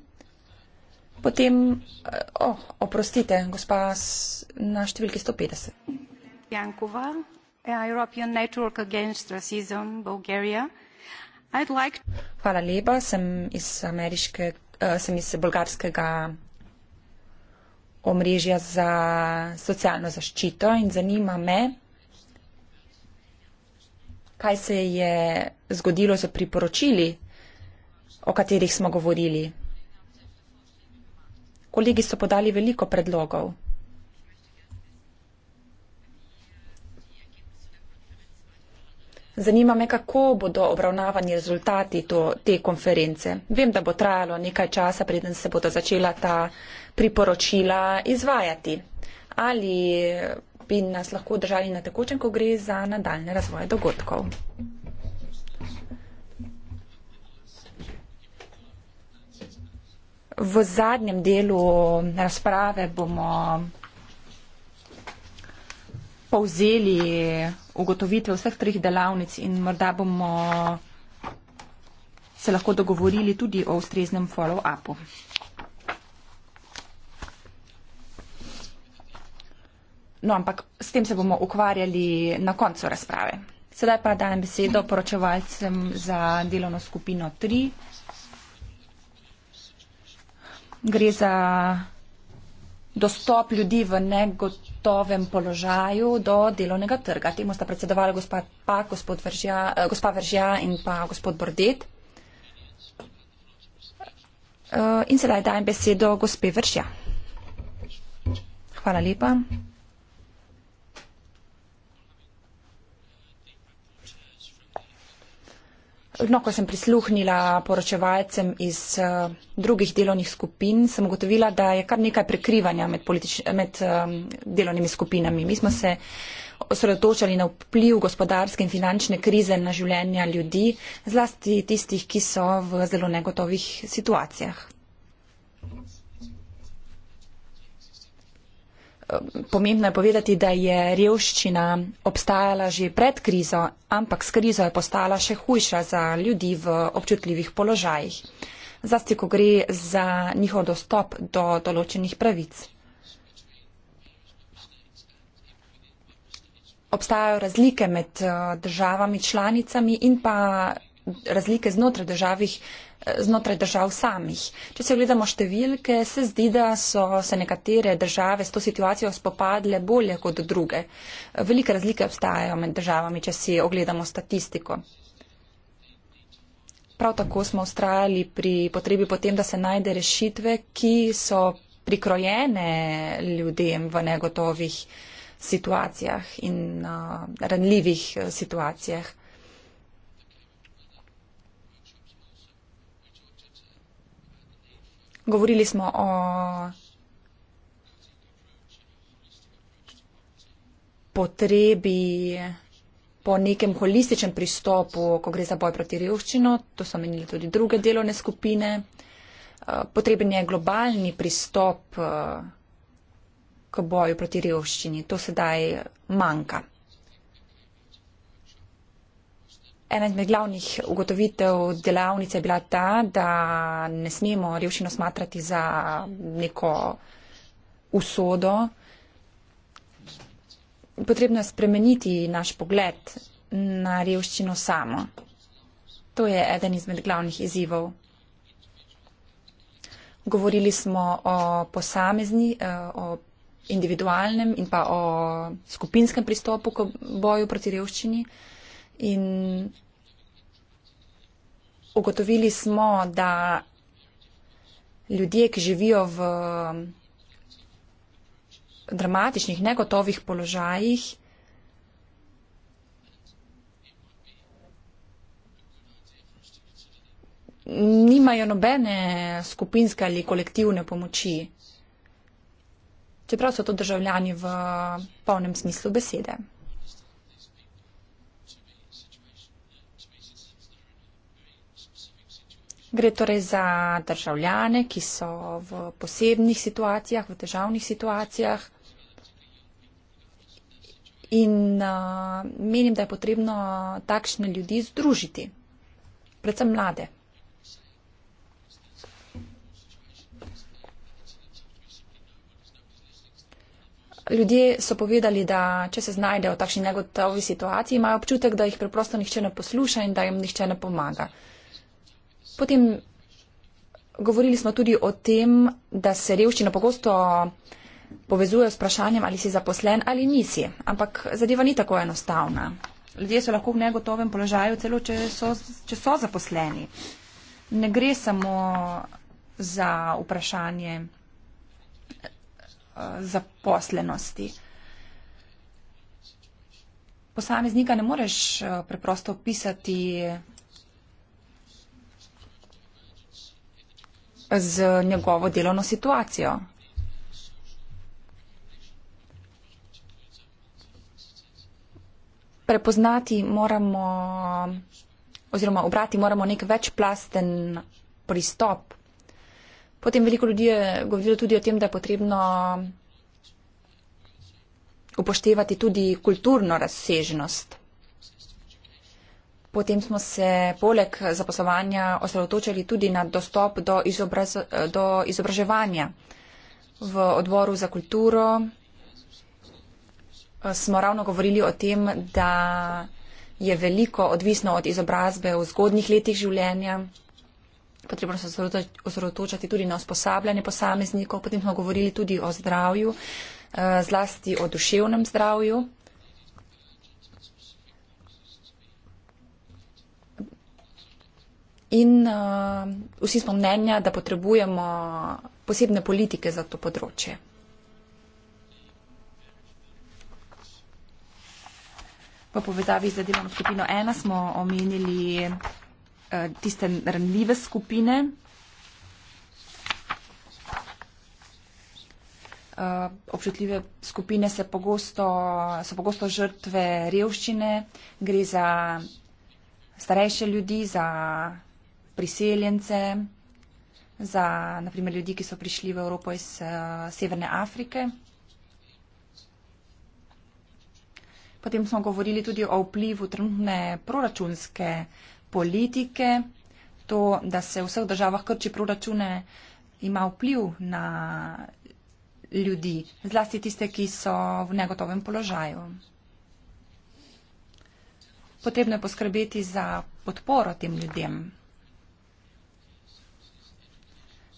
potem, eh, o, oh, oprostite, gospa na številki 150. Jankova, European Network Against Racism, Bulgaria. Like... Hvala lepa, sem iz, ameriške, uh, sem iz bolgarskega omrežja za socialno zaščito in zanima me, kaj se je zgodilo z priporočili, o katerih smo govorili. Kolegi so podali veliko predlogov. Zanima me, kako bodo obravnavani rezultati to, te konference. Vem, da bo trajalo nekaj časa, preden se bodo začela ta priporočila izvajati. Ali bi nas lahko držali na tekočem, ko gre za nadaljne razvoje dogodkov? V zadnjem delu razprave bomo povzeli ugotovitve vseh treh delavnic in morda bomo se lahko dogovorili tudi o ustreznem follow-upu. No, ampak s tem se bomo ukvarjali na koncu razprave. Sedaj pa dajem besedo poročevalcem za delovno skupino 3 gre za dostop ljudi v negotovem položaju do delovnega trga. Temu sta predsedovala gospa pa, gospod Veržja, eh, gospa Veržja in pa gospod Bordet. Eh, in sedaj dajem besedo gospe Veržja. Hvala lepa. no, ko sem prisluhnila poročevalcem iz uh, drugih delovnih skupin, sem ugotovila, da je kar nekaj prekrivanja med, politič, med um, delovnimi skupinami. Mi smo se osredotočali na vpliv gospodarske in finančne krize na življenja ljudi, zlasti tistih, ki so v zelo negotovih situacijah. pomembno je povedati, da je revščina obstajala že pred krizo, ampak s krizo je postala še hujša za ljudi v občutljivih položajih. Zasti, ko gre za njihov dostop do določenih pravic. Obstajajo razlike med eh, državami članicami in pa razlike znotraj državih znotraj držav samih. Če se ogledamo številke, se zdi, da so se nekatere države s to situacijo spopadle bolje kot druge. Velike razlike obstajajo med državami, če si ogledamo statistiko. Prav tako smo ustrajali pri potrebi potem, da se najde rešitve, ki so prikrojene ljudem v negotovih situacijah in uh, ranljivih uh, situacijah. Govorili smo o potrebi po nekem holističnem pristopu, ko gre za boj proti revščino, to so menili tudi druge delovne skupine. Eh, potreben je globalni pristop eh, k boju proti revščini, to sedaj manjka. Ena izmed glavnih ugotovitev delavnice je bila ta, da ne smemo revščino smatrati za neko usodo. Potrebno je spremeniti naš pogled na revščino samo. To je eden izmed glavnih izzivov. Govorili smo o posamezni, eh, o individualnem in pa o skupinskem pristopu k boju proti revščini. In ugotovili smo, da ljudje, ki živijo v dramatičnih, negotovih položajih, nimajo nobene skupinske ali kolektivne pomoči, čeprav so to državljani v polnem smislu besede. Gre torej za državljane, ki so v posebnih situacijah, v državnih situacijah. In uh, menim, da je potrebno takšne ljudi združiti, predvsem mlade. Ljudje so povedali, da če se znajdejo v takšni negotovi situaciji, imajo občutek, da jih preprosto nihče ne posluša in da jim nihče ne pomaga. Uh, Potem govorili smo tudi o tem, da se revščina pogosto povezuje s vprašanjem, ali si zaposlen ali nisi. Ampak zadeva ni tako enostavna. Ljudje so lahko v negotovem položaju, celo če so, če so zaposleni. Ne gre samo za vprašanje eh, zaposlenosti. Posameznika ne moreš eh, preprosto opisati z njegovo delovno situacijo. Prepoznati moramo oziroma obrati moramo nek večplasten pristop. Potem veliko ljudi je govorilo tudi o tem, da je potrebno upoštevati tudi kulturno razsežnost. Potem smo se poleg zaposlovanja osredotočili tudi na dostop do, izobraz, do izobraževanja. V odboru za kulturo eh, smo ravno govorili o tem, da je veliko odvisno od izobrazbe v zgodnjih letih življenja. Potrebno se osredotočati tudi na usposabljanje posameznikov. Potem smo govorili tudi o zdravju, eh, zlasti o duševnem zdravju. in uh, vsi smo mnenja, da potrebujemo posebne politike za to področje. V povezavi z zadevom skupino 1 smo omenili uh, tiste ranljive skupine. Uh, občutljive skupine pogosto, so pogosto žrtve revščine, gre za starejše ljudi, za priseljence, za naprimer ljudi, ki so prišli v Evropo iz uh, Severne Afrike. Potem smo govorili tudi o vplivu trenutne proračunske politike. To, da se v vseh državah krči proračune, ima vpliv na ljudi, zlasti tiste, ki so v negotovem položaju. Potrebno je poskrbeti za podporo tem ljudem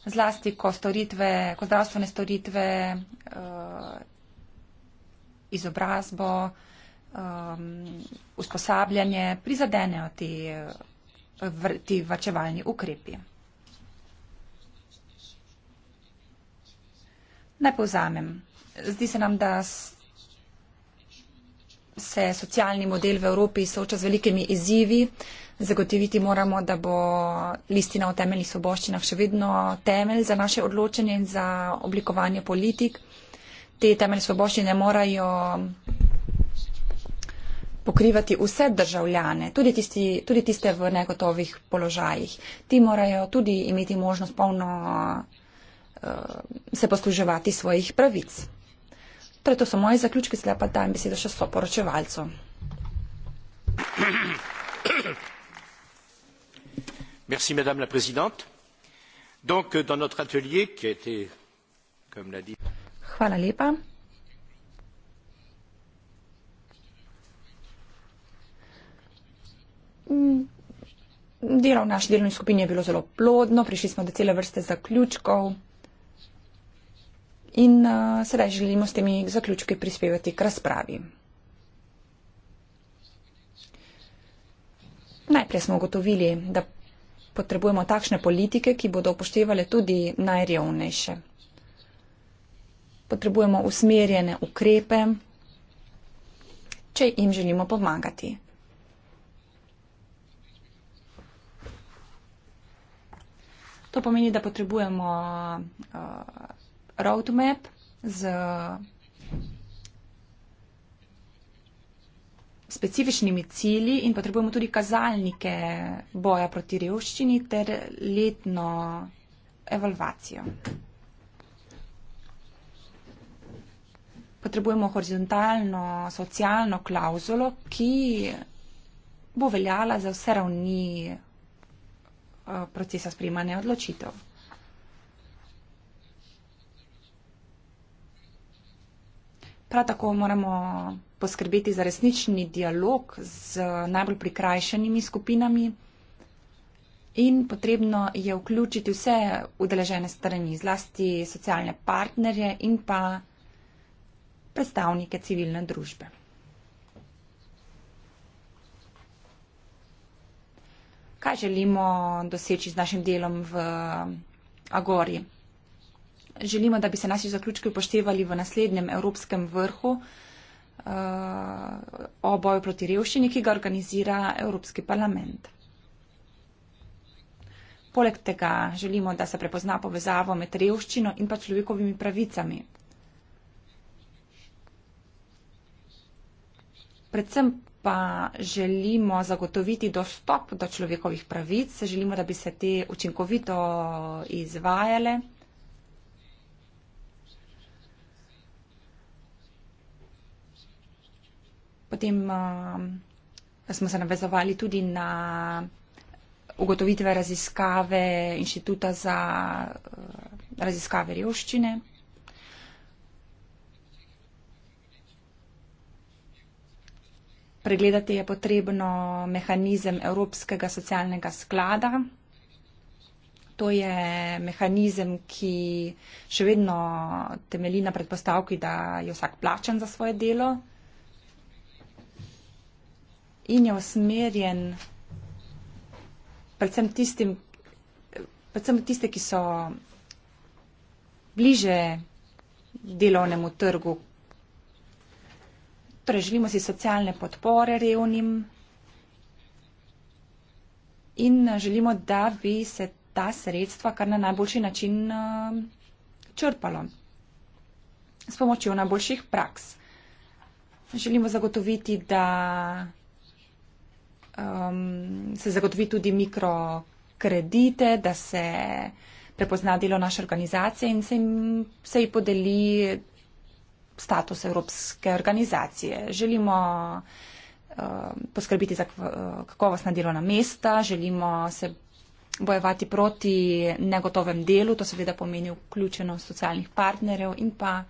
zlasti ko storitve, ko zdravstvene storitve, eh, izobrazbo, ehm, usposabljanje prizadenejo ti, ti vačevalni ukrepi. Naj povzamem. Zdi se nam, da se socialni model v Evropi sooča z velikimi izzivi zagotoviti moramo, da bo listina o temeljih svoboščinah še vedno temelj za naše odločanje in za oblikovanje politik. Te temeljne svoboščine morajo pokrivati vse državljane, tudi, tisti, tudi tiste v negotovih položajih. Ti morajo tudi imeti možnost polno uh, se posluževati svojih pravic. Torej, to so moje zaključke, sedaj pa dajem besedo še soporočevalcu. madame la présidente donc euh, dans notre atelier qui a été comme l'a dit Hvala lepa. Mm, delo v naši delovni skupini je bilo zelo plodno, prišli smo do cele vrste zaključkov in uh, sedaj želimo s temi zaključki prispevati k razpravi. Najprej smo ugotovili, da potrebujemo takšne politike, ki bodo upoštevale tudi najrevnejše. Potrebujemo usmerjene ukrepe, če jim želimo pomagati. To pomeni, da potrebujemo uh, roadmap z specifičnimi cilji in potrebujemo tudi kazalnike boja proti revščini ter letno evalvacijo. Potrebujemo horizontalno socialno klauzulo, ki bo veljala za vse ravni eh, procesa sprejmanja odločitev. Prav tako moramo poskrbeti za resnični dialog z najbolj prikrajšanimi skupinami in potrebno je vključiti vse udeležene strani, zlasti socialne partnerje in pa predstavnike civilne družbe. Kaj želimo doseči z našim delom v Agoriji? želimo, da bi se naši zaključki upoštevali v naslednjem Evropskem vrhu uh, o boju proti revščini, ki ga organizira Evropski parlament. Poleg tega želimo, da se prepozna povezavo med revščino in pa človekovimi pravicami. Predvsem pa želimo zagotoviti dostop do človekovih pravic, želimo, da bi se te učinkovito izvajale. Potem uh, smo se navezovali tudi na ugotovitve raziskave Inštituta za uh, raziskave revščine. Pregledati je potrebno mehanizem Evropskega socialnega sklada. To je mehanizem, ki še vedno temelji na predpostavki, da je vsak plačen za svoje delo in je usmerjen predvsem tistim, predvsem tiste, ki so bliže delovnemu trgu. Torej, želimo si socialne podpore revnim in želimo, da bi se ta sredstva kar na najboljši način eh, črpalo s pomočjo najboljših praks. Želimo zagotoviti, da um, se zagotovi tudi mikrokredite, da se prepozna delo naše organizacije in se, jim, se ji podeli status Evropske organizacije. Želimo um, poskrbiti za kakovostna delovna mesta, želimo se bojevati proti negotovem delu, to seveda pomeni vključenost socialnih partnerjev in pa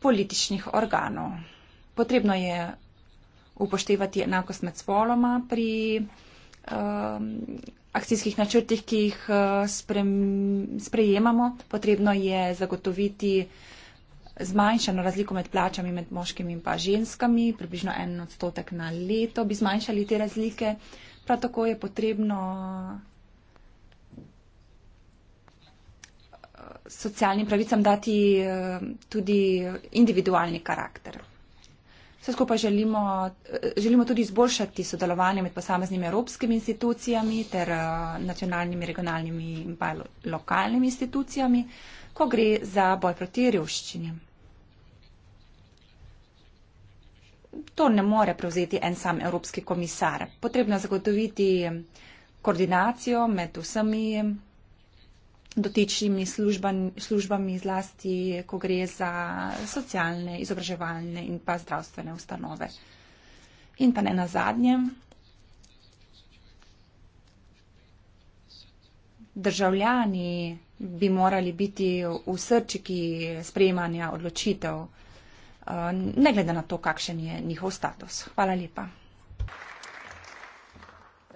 političnih organov. Potrebno je upoštevati enakost med spoloma pri um, akcijskih načrtih, ki jih uh, sprem, sprejemamo. Potrebno je zagotoviti zmanjšano razliko med plačami med moškimi in pa ženskami, približno en odstotek na leto bi zmanjšali te razlike. Prav tako je potrebno uh, socialnim pravicam dati uh, tudi individualni karakter. Vse skupaj želimo, eh, želimo tudi izboljšati sodelovanje med posameznimi evropskimi institucijami ter eh, nacionalnimi, regionalnimi in pa lokalnimi institucijami, ko gre za boj proti revščini. To ne more prevzeti en sam evropski komisar. Potrebno je zagotoviti koordinacijo med vsemi dotičnimi služban, službami, zlasti ko gre za socialne, izobraževalne in pa zdravstvene ustanove. In pa ne na zadnje, državljani bi morali biti v srčiki sprejemanja odločitev, eh, ne glede na to, kakšen je njihov status. Hvala lepa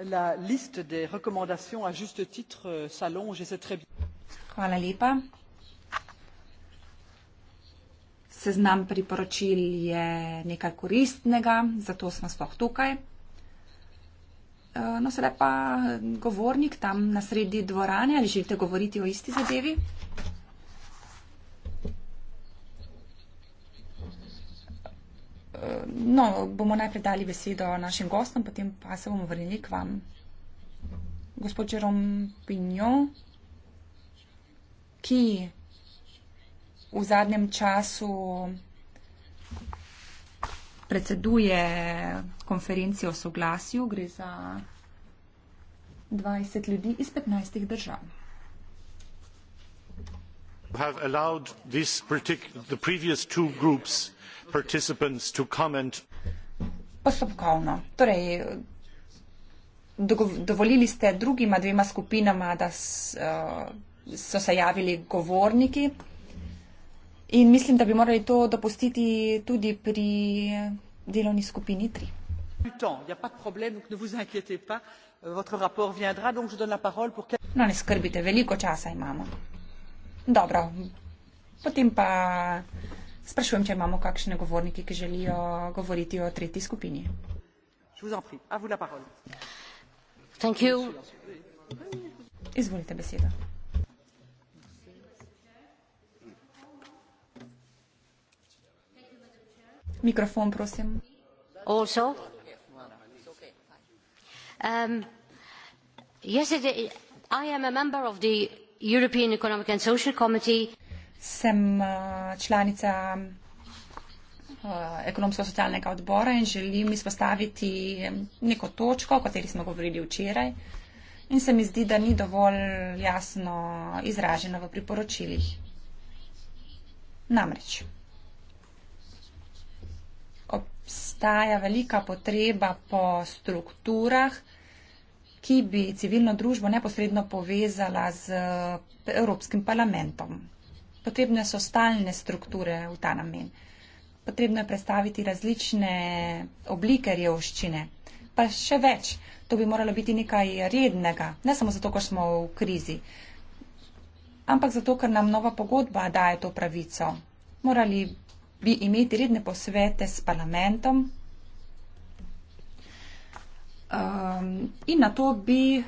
la liste des recommandations à juste titre euh, s'allonge et c'est très bien. Hvala lepa. Seznam priporočil je nekaj koristnega, zato smo sploh tukaj. Eh, no, sedaj pa govornik tam na sredi dvorane, ali želite govoriti o isti zadevi? no, bomo najprej dali besedo našim gostom, potem pa se bomo vrnili k vam. Gospod Jerome Pinjo, ki v zadnjem času predseduje konferenci o soglasju, gre za 20 ljudi iz 15 držav have allowed the previous two groups participants to comment postopkovno torej dovolili ste drugima dvema skupinama da eh, so se javili govorniki in mislim da bi morali to dopustiti tudi pri delovni skupini 3 No, ne skrbite, veliko časa imamo. Dobro. Potem pa sprašujem, če imamo kakšne govornike, ki želijo govoriti o tretji skupini. Izvolite besedo. Mikrofon, prosim. Also? Um, yes, it, I am a member of the European Economic and Social Committee. Sem eh, članica eh, ekonomsko-socialnega odbora in želim izpostaviti neko točko, o kateri smo govorili včeraj in se mi zdi, da ni dovolj jasno izraženo v priporočilih. Namreč. Obstaja velika potreba po strukturah, ki bi civilno družbo neposredno povezala z eh, Evropskim parlamentom. Potrebne so stalne strukture v ta namen. Potrebno je predstaviti različne oblike revščine. Pa še več, to bi moralo biti nekaj rednega, ne samo zato, ker smo v krizi, ampak zato, ker nam nova pogodba daje to pravico. Morali bi imeti redne posvete s parlamentom, um, in na to bi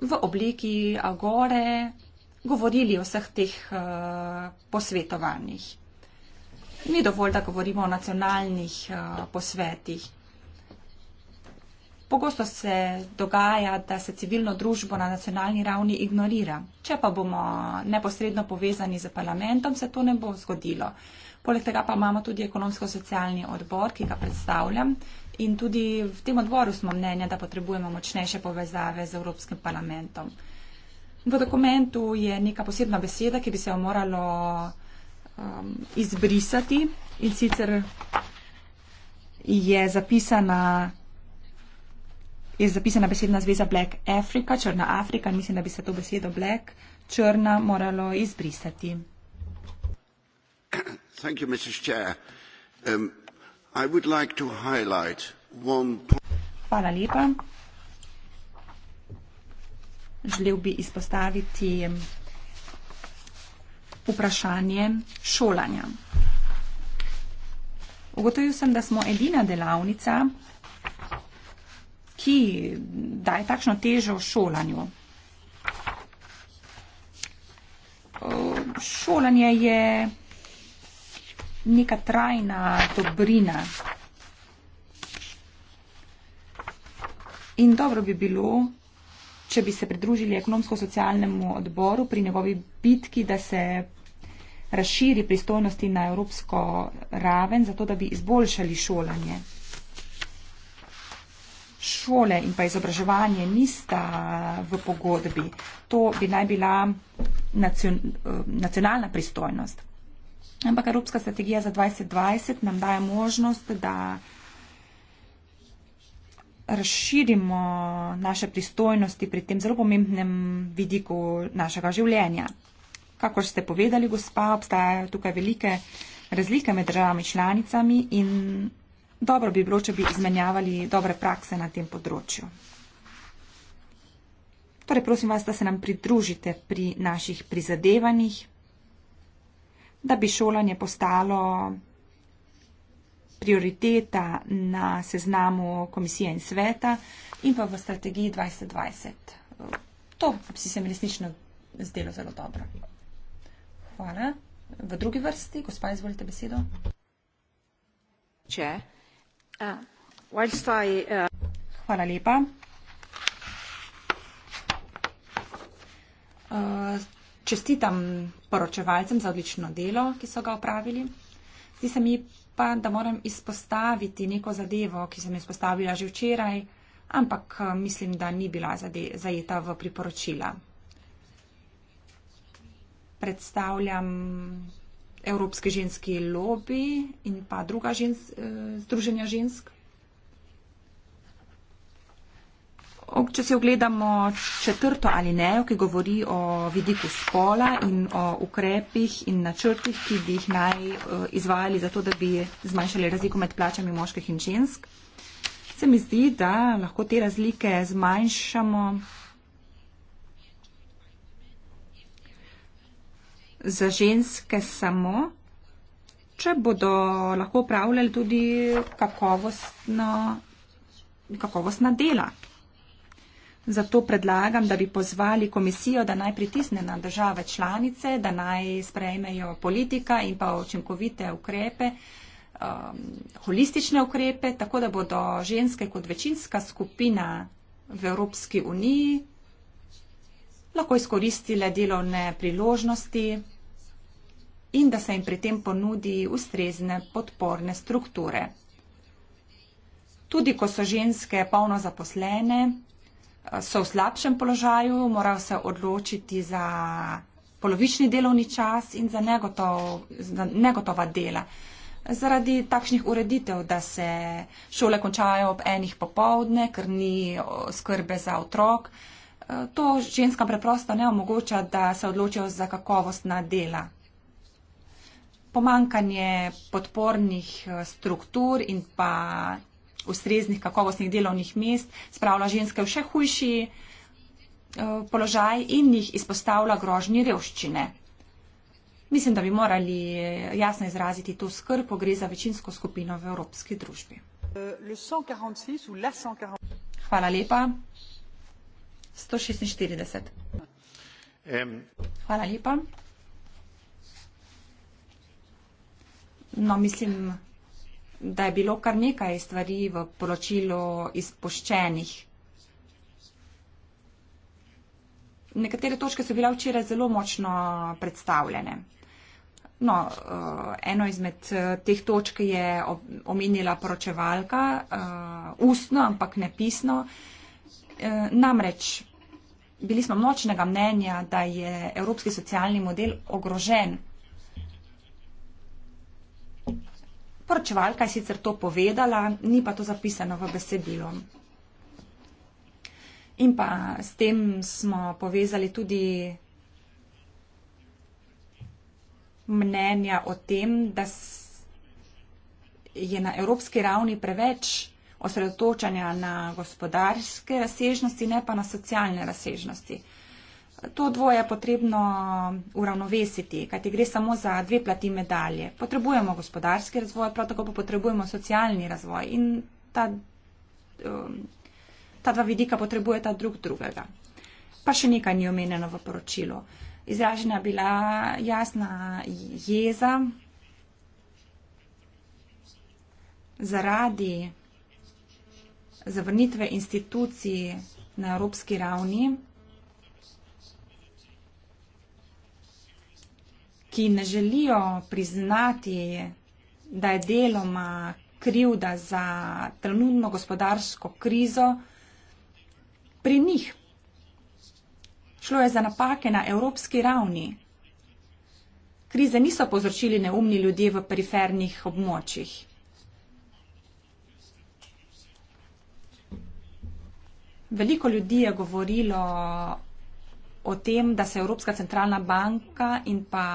v obliki Agore govorili o vseh teh uh, posvetovanjih. Ni dovolj, da govorimo o nacionalnih uh, posvetih. Pogosto se dogaja, da se civilno družbo na nacionalni ravni ignorira. Če pa bomo neposredno povezani z parlamentom, se to ne bo zgodilo. Poleg tega pa imamo tudi ekonomsko-socialni odbor, ki ga predstavljam, In tudi v tem odboru smo mnenja, da potrebujemo močnejše povezave z Evropskim parlamentom. V dokumentu je neka posebna beseda, ki bi se jo moralo um, izbrisati in sicer je zapisana, je zapisana besedna zveza Black Africa, Črna Afrika, mislim, da bi se to besedo Black Črna moralo izbrisati. Hvala, gospod predsednik. Hvala lepa. Želel bi izpostaviti vprašanje šolanja. Ugotovil sem, da smo edina delavnica, ki daje takšno težo šolanju. Šolanje je neka trajna dobrina. In dobro bi bilo, če bi se pridružili ekonomsko-socialnemu odboru pri njegovi bitki, da se razširi pristojnosti na evropsko raven, zato da bi izboljšali šolanje. Šole in pa izobraževanje nista v pogodbi. To bi naj bila nacionalna pristojnost. Ampak Evropska strategija za 2020 nam daje možnost, da razširimo naše pristojnosti pri tem zelo pomembnem vidiku našega življenja. Kakor ste povedali, gospa, obstajajo tukaj velike razlike med državami članicami in dobro bi bilo, če bi izmenjavali dobre prakse na tem področju. Torej, prosim vas, da se nam pridružite pri naših prizadevanjih da bi šolanje postalo prioriteta na seznamu komisije in sveta in pa v strategiji 2020. To bi se mi resnično zdelo zelo dobro. Hvala. V drugi vrsti, gospod, izvolite besedo. Če. Eh, eh, Hvala lepa. Eh, čestitam poročevalcem za odlično delo, ki so ga opravili. Zdi se mi pa, da moram izpostaviti neko zadevo, ki sem jo izpostavila že včeraj, ampak eh, mislim, da ni bila zajeta v priporočila. Predstavljam Evropski ženski lobby in pa druga žens, eh, združenja žensk. Če si ogledamo četrto alinejo, ki govori o vidiku spola in o ukrepih in načrtih, ki bi jih naj eh, izvajali za to, da bi zmanjšali razliko med plačami moških in žensk, se mi zdi, da lahko te razlike zmanjšamo za ženske samo, če bodo lahko upravljali tudi kakovostno, kakovostna dela. Zato predlagam, da bi pozvali komisijo, da naj pritisne na države članice, da naj sprejmejo politika in pa očinkovite ukrepe, um, holistične ukrepe, tako da bodo ženske kot večinska skupina v Evropski uniji lahko izkoristile delovne priložnosti in da se jim pri tem ponudi ustrezne podporne strukture. Tudi ko so ženske polno zaposlene, so v slabšem položaju, morajo se odločiti za polovični delovni čas in za, negotov, za negotova dela. Zaradi takšnih ureditev, da se šole končajo ob enih popovdne, ker ni skrbe za otrok, to ženskam preprosto ne omogoča, da se odločijo za kakovostna dela. Pomankanje podpornih struktur in pa ustreznih kakovostnih delovnih mest, spravlja ženske v še hujši eh, položaj in jih izpostavlja grožnji revščine. Mislim, da bi morali eh, jasno izraziti to skrb, ko gre za večinsko skupino v evropski družbi. Eh, Hvala lepa. 146. Hvala lepa. No, mislim da je bilo kar nekaj stvari v poročilu izpoščenih. Nekatere točke so bile včeraj zelo močno predstavljene. No, eh, eno izmed eh, teh točk je omenila poročevalka, eh, ustno, ampak ne pisno. Namreč bili smo močnega mnenja, da je evropski socialni model ogrožen Poročevalka je sicer to povedala, ni pa to zapisano v besedilo. In pa s tem smo povezali tudi mnenja o tem, da je na evropski ravni preveč osredotočanja na gospodarske razsežnosti, ne pa na socialne razsežnosti. To dvoje je potrebno um, uravnovesiti, kajti gre samo za dve plati medalje. Potrebujemo gospodarski razvoj, prav tako pa potrebujemo socialni razvoj in ta, um, ta dva vidika potrebujeta drug drugega. Pa še nekaj ni omenjeno v poročilu. Izražena je bila jasna jeza zaradi zavrnitve institucij na evropski ravni. ki ne želijo priznati, da je deloma krivda za trenutno gospodarsko krizo pri njih. Šlo je za napake na evropski ravni. Krize niso povzročili neumni ljudje v perifernih območjih. Veliko ljudi je govorilo o tem, da se Evropska centralna banka in pa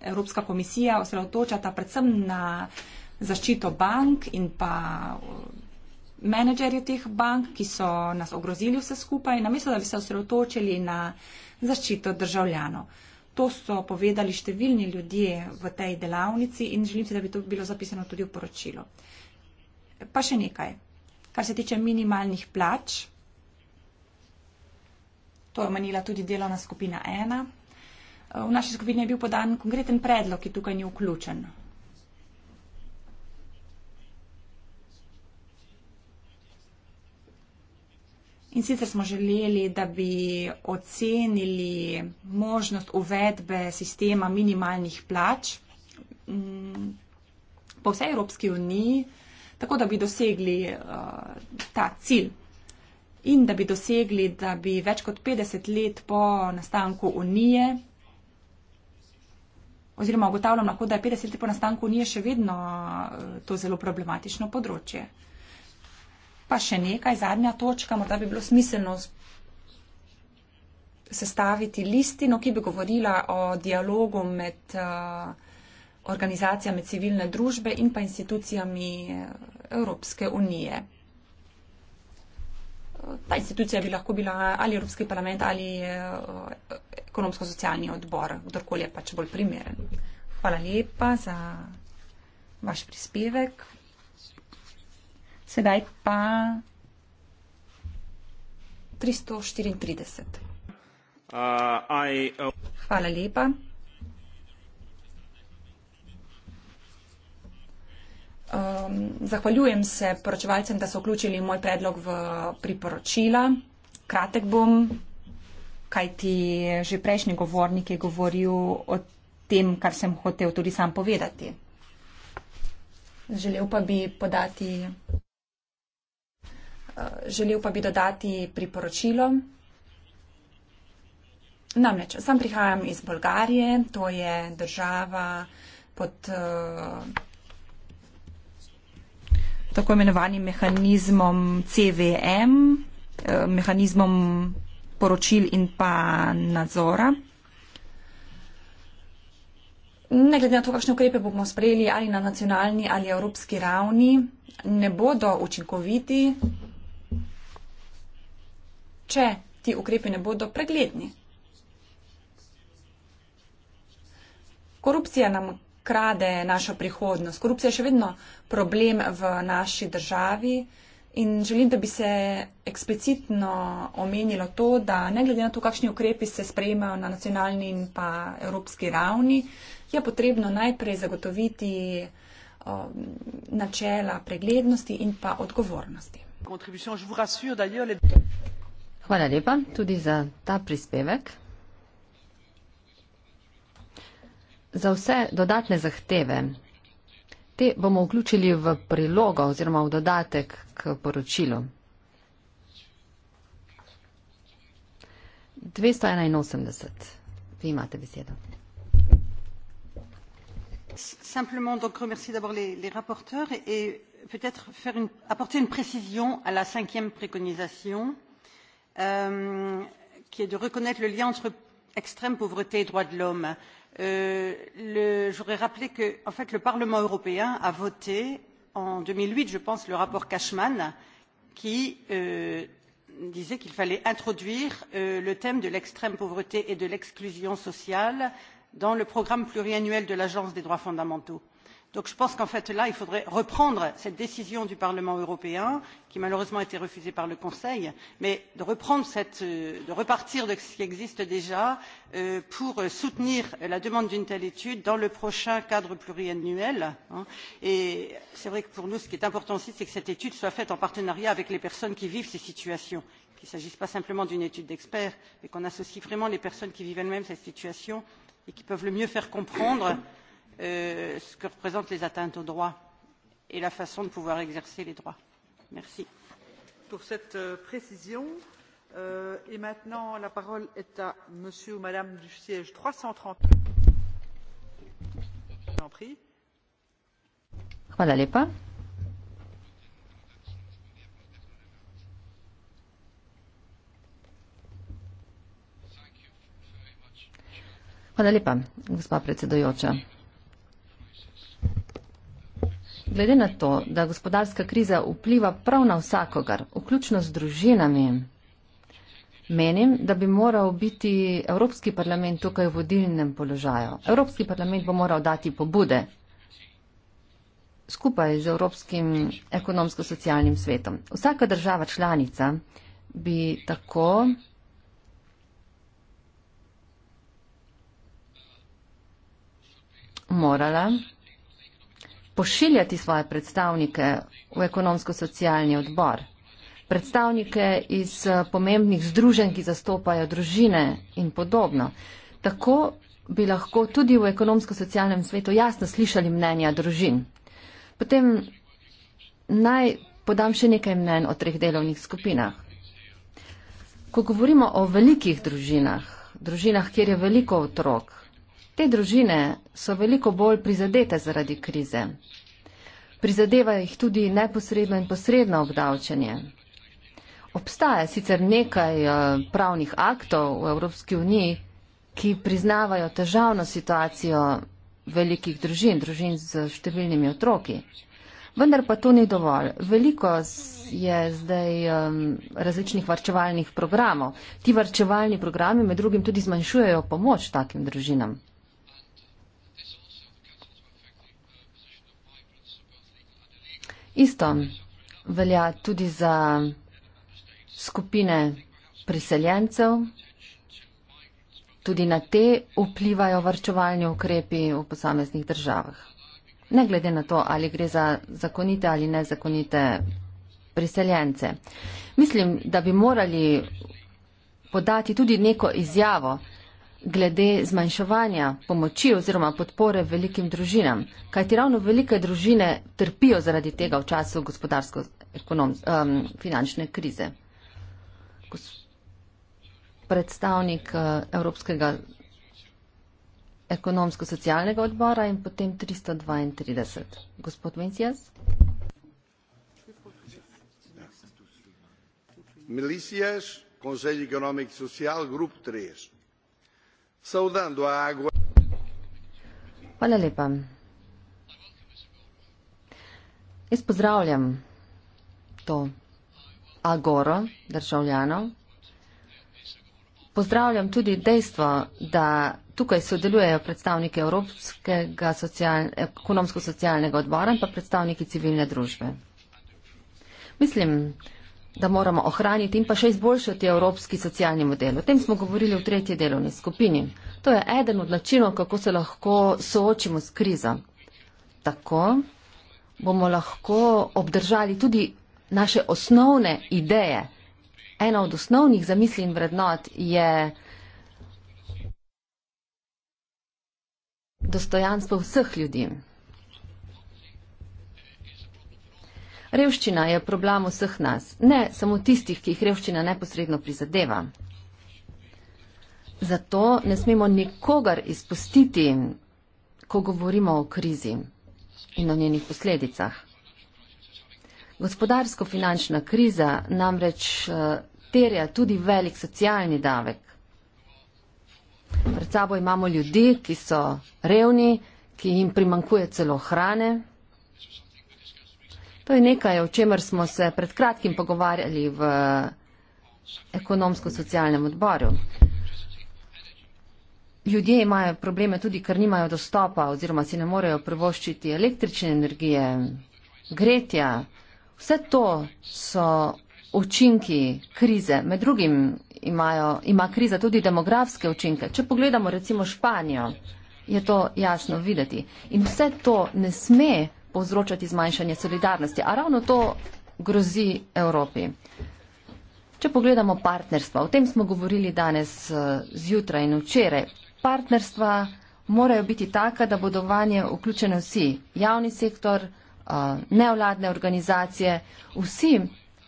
Evropska komisija osredotočata predvsem na zaščito bank in pa menedžerje teh bank, ki so nas ogrozili vse skupaj, namesto da bi se osredotočili na zaščito državljanov. To so povedali številni ljudje v tej delavnici in želim si, da bi to bilo zapisano tudi v poročilo. Pa še nekaj. Kar se tiče minimalnih plač. To je omenila tudi delovna skupina ena. V naši skupini je bil podan konkreten predlog, ki tukaj ni vključen. In sicer smo želeli, da bi ocenili možnost uvedbe sistema minimalnih plač mm, po vsej Evropski uniji, tako da bi dosegli uh, ta cilj in da bi dosegli, da bi več kot 50 let po nastanku Unije, oziroma ugotavljam lahko, da je 50 let po nastanku Unije še vedno eh, to zelo problematično področje. Pa še nekaj, zadnja točka, morda bi bilo smiselno sestaviti listino, ki bi govorila o dialogu med eh, organizacijami civilne družbe in pa institucijami eh, Evropske unije ta institucija bi lahko bila ali Evropski parlament ali eh, ekonomsko-socialni odbor, kdorkoli je pač bolj primeren. Hvala lepa za vaš prispevek. Sedaj pa 334. Uh, I, uh... Hvala lepa. Um, zahvaljujem se poročevalcem, da so vključili moj predlog v priporočila. Kratek bom, kaj ti že prejšnji govornik je govoril o tem, kar sem hotel tudi sam povedati. Želel pa bi podati. Eh, želel pa bi dodati priporočilo. Namreč, sam prihajam iz Bolgarije, to je država pod. Uh, tako imenovanim mehanizmom CVM, eh, mehanizmom poročil in pa nadzora. Ne glede na to, kakšne ukrepe bomo sprejeli ali na nacionalni ali evropski ravni, ne bodo učinkoviti, če ti ukrepi ne bodo pregledni. Korupcija nam krade našo prihodnost. Korupcija je še vedno problem v naši državi in želim, da bi se eksplicitno omenilo to, da ne glede na to, kakšni ukrepi se sprejemajo na nacionalni in pa evropski ravni, je potrebno najprej zagotoviti um, načela preglednosti in pa odgovornosti. Hvala lepa tudi za ta prispevek. Za vse dodatne zahteve, te bomo vključili v prilogo oziroma v dodatek k poročilu. 281. Vi imate besedo. Simplement donc remercier d'abord les, les rapporteurs et, et peut-être faire une, apporter une précision à la cinquième préconisation euh, qui est de reconnaître le lien entre extrême pauvreté et droits de l'homme. Euh, je euh, voudrais rappeler que le parlement européen a voté en deux mille huit je pense le rapport cashman qui euh, disait qu'il fallait introduire euh, le thème de l'extrême pauvreté et de l'exclusion sociale dans le programme pluriannuel de l'agence des droits fondamentaux. Donc je pense qu'en fait là, il faudrait reprendre cette décision du Parlement européen, qui malheureusement a été refusée par le Conseil, mais de, reprendre cette, euh, de repartir de ce qui existe déjà euh, pour soutenir la demande d'une telle étude dans le prochain cadre pluriannuel. Hein. Et c'est vrai que pour nous, ce qui est important aussi, c'est que cette étude soit faite en partenariat avec les personnes qui vivent ces situations, qu'il ne s'agisse pas simplement d'une étude d'experts, mais qu'on associe vraiment les personnes qui vivent elles-mêmes cette situation et qui peuvent le mieux faire comprendre. Mmh. Euh, ce que représentent les atteintes aux droits et la façon de pouvoir exercer les droits. Merci. Pour cette euh, précision. Euh, et maintenant, la parole est à monsieur ou madame du siège 330. J'en prie. Voilà, les pas. Hvala lepa, gospa predsedujoča. Glede na to, da gospodarska kriza vpliva prav na vsakogar, vključno z družinami, menim, da bi moral biti Evropski parlament tukaj v vodilnem položaju. Evropski parlament bo moral dati pobude skupaj z Evropskim ekonomsko-socialnim svetom. Vsaka država članica bi tako morala pošiljati svoje predstavnike v ekonomsko-socialni odbor, predstavnike iz eh, pomembnih združenj, ki zastopajo družine in podobno. Tako bi lahko tudi v ekonomsko-socialnem svetu jasno slišali mnenja družin. Potem naj podam še nekaj mnen o treh delovnih skupinah. Ko govorimo o velikih družinah, družinah, kjer je veliko otrok, Te družine so veliko bolj prizadete zaradi krize. Prizadeva jih tudi neposredno in posredno obdavčenje. Obstaja sicer nekaj eh, pravnih aktov v Evropski uniji, ki priznavajo težavno situacijo velikih družin, družin z številnimi otroki. Vendar pa to ni dovolj. Veliko je zdaj um, različnih varčevalnih programov. Ti varčevalni programi med drugim tudi zmanjšujejo pomoč takim družinam. Isto velja tudi za skupine priseljencev. Tudi na te vplivajo varčevalni ukrepi v posameznih državah. Ne glede na to, ali gre za zakonite ali nezakonite priseljence. Mislim, da bi morali podati tudi neko izjavo, glede zmanjševanja pomoči oziroma podpore velikim družinam. Kaj ti ravno velike družine trpijo zaradi tega v času gospodarsko-finančne um, krize? Gos predstavnik uh, Evropskega ekonomsko-socialnega odbora in potem 332. Gospod Vincijas. Milicijas, Konselj ekonomik e social, grup 3. Saudando a água. Hvala lepa. Jaz pozdravljam to agoro državljanov. Pozdravljam tudi dejstvo, da tukaj sodelujejo predstavniki Evropskega ekonomsko-socialnega odbora in pa predstavniki civilne družbe. Mislim, da moramo ohraniti in pa še izboljšati evropski socialni model. O tem smo govorili v tretji delovni skupini. To je eden od načinov, kako se lahko soočimo s krizo. Tako bomo lahko obdržali tudi naše osnovne ideje. Ena od osnovnih zamisli in vrednot je dostojanstvo vseh ljudi. Revščina je problem vseh nas, ne samo tistih, ki jih revščina neposredno prizadeva. Zato ne smemo nikogar izpustiti, ko govorimo o krizi in o njenih posledicah. Gospodarsko-finančna kriza namreč eh, terja tudi velik socialni davek. Pred sabo imamo ljudi, ki so revni, ki jim primankuje celo hrane. To je nekaj, o čemer smo se pred kratkim pogovarjali v ekonomsko-socialnem odboru. Ljudje imajo probleme tudi, ker nimajo dostopa oziroma si ne morejo privoščiti električne energije, gretja. Vse to so učinki krize. Med drugim imajo, ima kriza tudi demografske učinke. Če pogledamo recimo Španijo, je to jasno videti. In vse to ne sme povzročati zmanjšanje solidarnosti. A ravno to grozi Evropi. Če pogledamo partnerstva, o tem smo govorili danes eh, zjutraj in včeraj, partnerstva morajo biti taka, da bodo vanje vključene vsi, javni sektor, eh, nevladne organizacije, vsi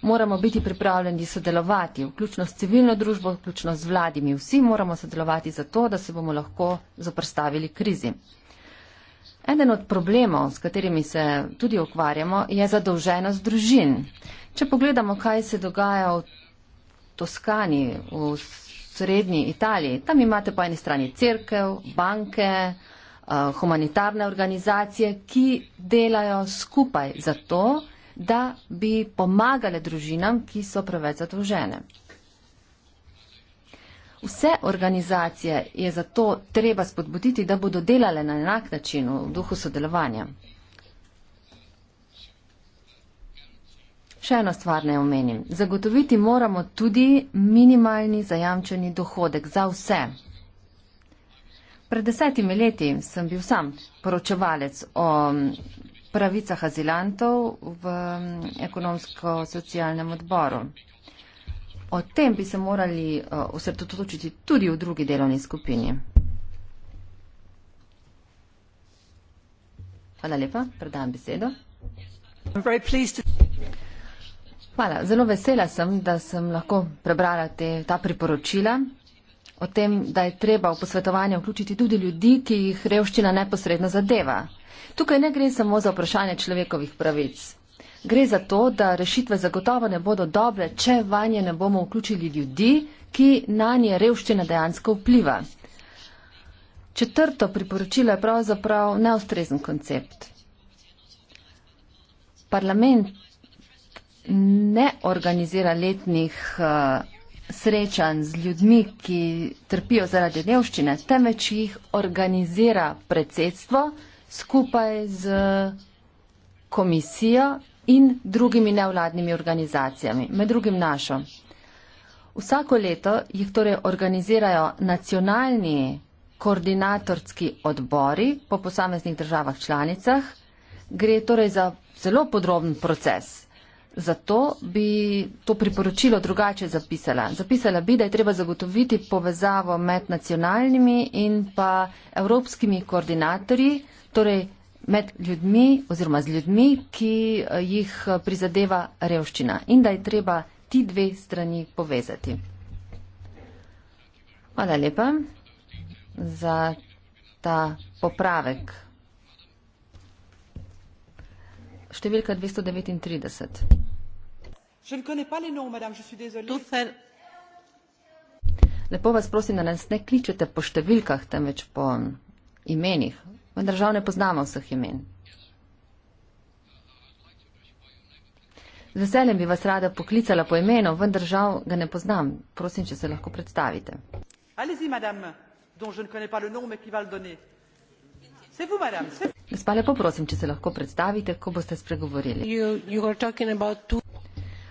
moramo biti pripravljeni sodelovati, vključno s civilno družbo, vključno z vladimi, vsi moramo sodelovati za to, da se bomo lahko zoprstavili krizi. Eden od problemov, s katerimi se tudi ukvarjamo, je zadolženost družin. Če pogledamo, kaj se dogaja v Toskani, v srednji Italiji, tam imate po eni strani crkev, banke, eh, humanitarne organizacije, ki delajo skupaj za to, da bi pomagale družinam, ki so preveč zadolžene. Vse organizacije je zato treba spodbuditi, da bodo delale na enak način v duhu sodelovanja. Še eno stvar ne omenim. Zagotoviti moramo tudi minimalni zajamčeni dohodek za vse. Pred desetimi leti sem bil sam poročevalec o pravicah azilantov v ekonomsko-socialnem odboru. O tem bi se morali eh, osredotočiti tudi v drugi delovni skupini. Hvala lepa, predam besedo. Hvala, zelo vesela sem, da sem lahko prebrala te, ta priporočila o tem, da je treba v posvetovanje vključiti tudi ljudi, ki jih revščina neposredno zadeva. Tukaj ne gre samo za vprašanje človekovih pravic. Gre za to, da rešitve zagotovo ne bodo dobre, če vanje ne bomo vključili ljudi, ki na nje revščina dejansko vpliva. Četrto priporočilo je pravzaprav neustrezen koncept. Parlament ne organizira letnih eh, srečanj z ljudmi, ki trpijo zaradi revščine, temveč jih organizira predsedstvo skupaj z komisijo in drugimi nevladnimi organizacijami, med drugim našo. Vsako leto jih torej organizirajo nacionalni koordinatorski odbori po posameznih državah članicah. Gre torej za zelo podroben proces. Zato bi to priporočilo drugače zapisala. Zapisala bi, da je treba zagotoviti povezavo med nacionalnimi in pa evropskimi koordinatorji, torej med ljudmi oziroma z ljudmi, ki eh, jih eh, prizadeva revščina in da je treba ti dve strani povezati. Hvala lepa za ta popravek. Številka 239. Lepo vas prosim, da nas ne kličete po številkah, temveč po imenih vendar žal ne poznamo vseh imen. Z veseljem bi vas rada poklicala po imenu, vendar žal ga ne poznam. Prosim, če se lahko predstavite. Gospa, lepo prosim, če se lahko predstavite, ko boste spregovorili.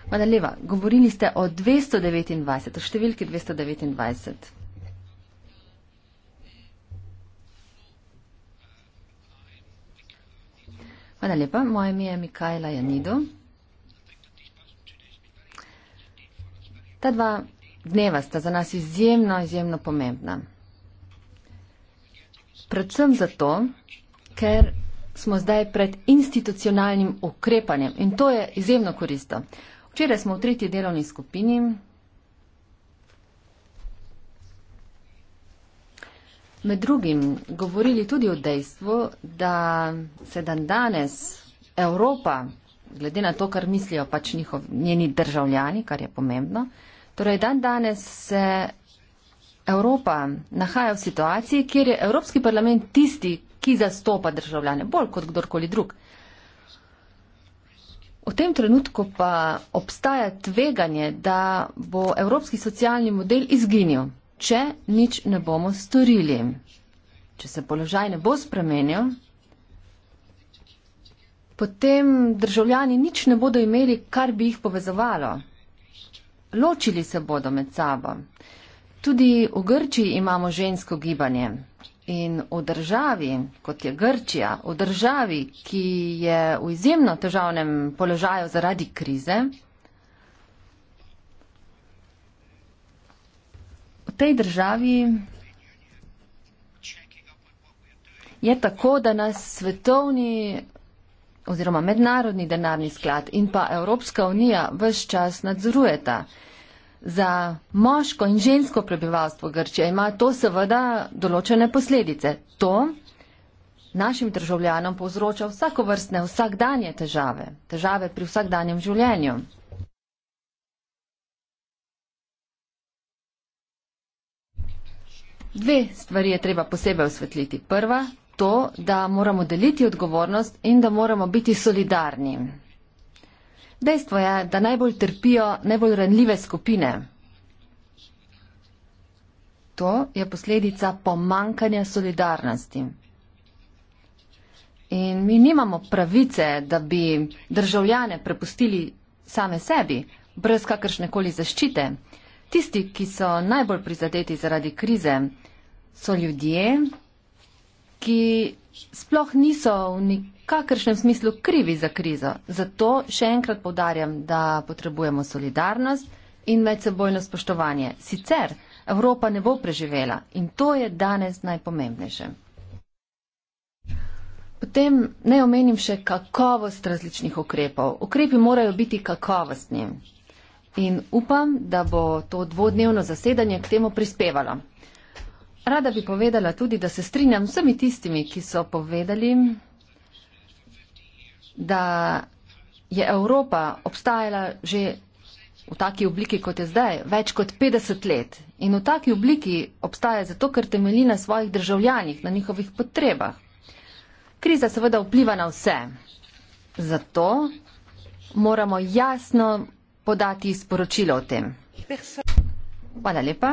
Madaleva, govorili ste o 229, o številki 229. Hvala lepa. Moje ime je Mikajla Janido. Ta dva dneva sta za nas izjemno, izjemno pomembna. Predvsem zato, ker smo zdaj pred institucionalnim ukrepanjem in to je izjemno koristo. Včeraj smo v tretji delovni skupini Med drugim govorili tudi o dejstvu, da se dan danes Evropa, glede na to, kar mislijo pač njihov, njeni državljani, kar je pomembno, torej dan danes se Evropa nahaja v situaciji, kjer je Evropski parlament tisti, ki zastopa državljane bolj kot kdorkoli drug. V tem trenutku pa obstaja tveganje, da bo evropski socialni model izginil če nič ne bomo storili. Če se položaj ne bo spremenil, potem državljani nič ne bodo imeli, kar bi jih povezovalo. Ločili se bodo med sabo. Tudi v Grčiji imamo žensko gibanje. In v državi, kot je Grčija, v državi, ki je v izjemno težavnem položaju zaradi krize, tej državi je tako, da nas svetovni oziroma mednarodni denarni sklad in pa Evropska unija vse čas nadzorujeta. Za moško in žensko prebivalstvo Grčije ima to seveda določene posledice. To našim državljanom povzroča vsako vrstne vsakdanje težave, težave pri vsakdanjem življenju. Dve stvari je treba posebej osvetliti. Prva, to, da moramo deliti odgovornost in da moramo biti solidarni. Dejstvo je, da najbolj trpijo najbolj ranljive skupine. To je posledica pomankanja solidarnosti. In mi nimamo pravice, da bi državljane prepustili same sebi, brez kakršnekoli zaščite. Tisti, ki so najbolj prizadeti zaradi krize, so ljudje, ki sploh niso v nikakršnem smislu krivi za krizo. Zato še enkrat povdarjam, da potrebujemo solidarnost in medsebojno spoštovanje. Sicer Evropa ne bo preživela in to je danes najpomembnejše. Potem ne omenim še kakovost različnih ukrepov. Ukrepi morajo biti kakovostni in upam, da bo to dvodnevno zasedanje k temu prispevalo. Rada bi povedala tudi, da se strinjam vsemi tistimi, ki so povedali, da je Evropa obstajala že v taki obliki, kot je zdaj, več kot 50 let. In v taki obliki obstaja zato, ker temelji na svojih državljanih, na njihovih potrebah. Kriza seveda vpliva na vse. Zato moramo jasno podati sporočilo o tem. Hvala lepa.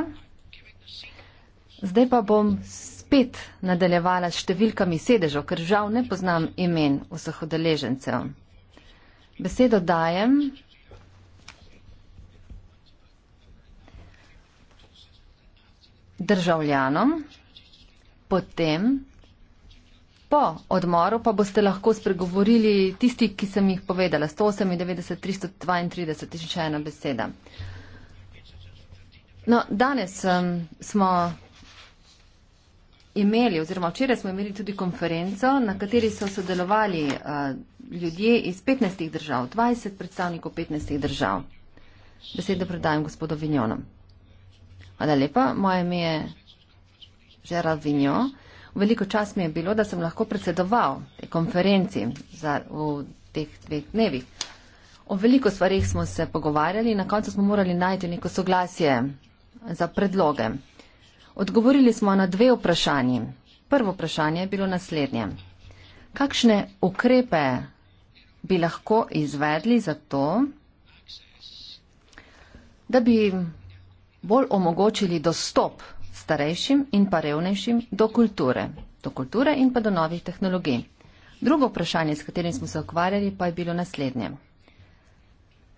Zdaj pa bom spet nadaljevala s številkami sedežev, ker žal ne poznam imen vseh odeležencev. Besedo dajem državljanom, potem Po odmoru pa boste lahko spregovorili tisti, ki sem jih povedala. 198, 332, tišče še ena beseda. No, danes um, smo imeli, oziroma včeraj smo imeli tudi konferenco, na kateri so sodelovali uh, ljudje iz 15 držav, 20 predstavnikov 15 držav. Besedo predajam gospodu Vignonu. Hvala lepa, moje ime je Žera Vignon veliko čas mi je bilo, da sem lahko predsedoval konferenci za, v teh dveh dnevih. O veliko stvarih smo se pogovarjali in na koncu smo morali najti neko soglasje za predloge. Odgovorili smo na dve vprašanji. Prvo vprašanje je bilo naslednje. Kakšne ukrepe bi lahko izvedli za to, da bi bolj omogočili dostop starejšim in pa revnejšim do kulture. Do kulture in pa do novih tehnologij. Drugo vprašanje, s katerim smo se ukvarjali, pa je bilo naslednje.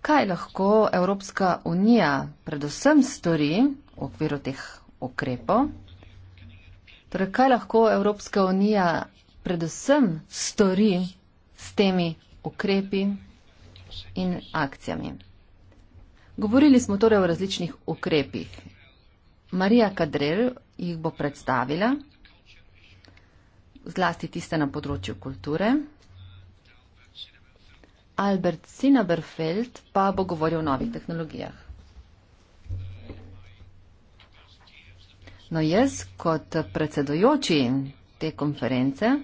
Kaj lahko Evropska unija predvsem stori v okviru teh ukrepov? Torej, kaj lahko Evropska unija predvsem stori s temi ukrepi in akcijami? Govorili smo torej o različnih ukrepih Marija Kadrel jih bo predstavila, zlasti tiste na področju kulture. Albert Sinaberfeld pa bo govoril o novih tehnologijah. No jaz kot predsedojoči te konference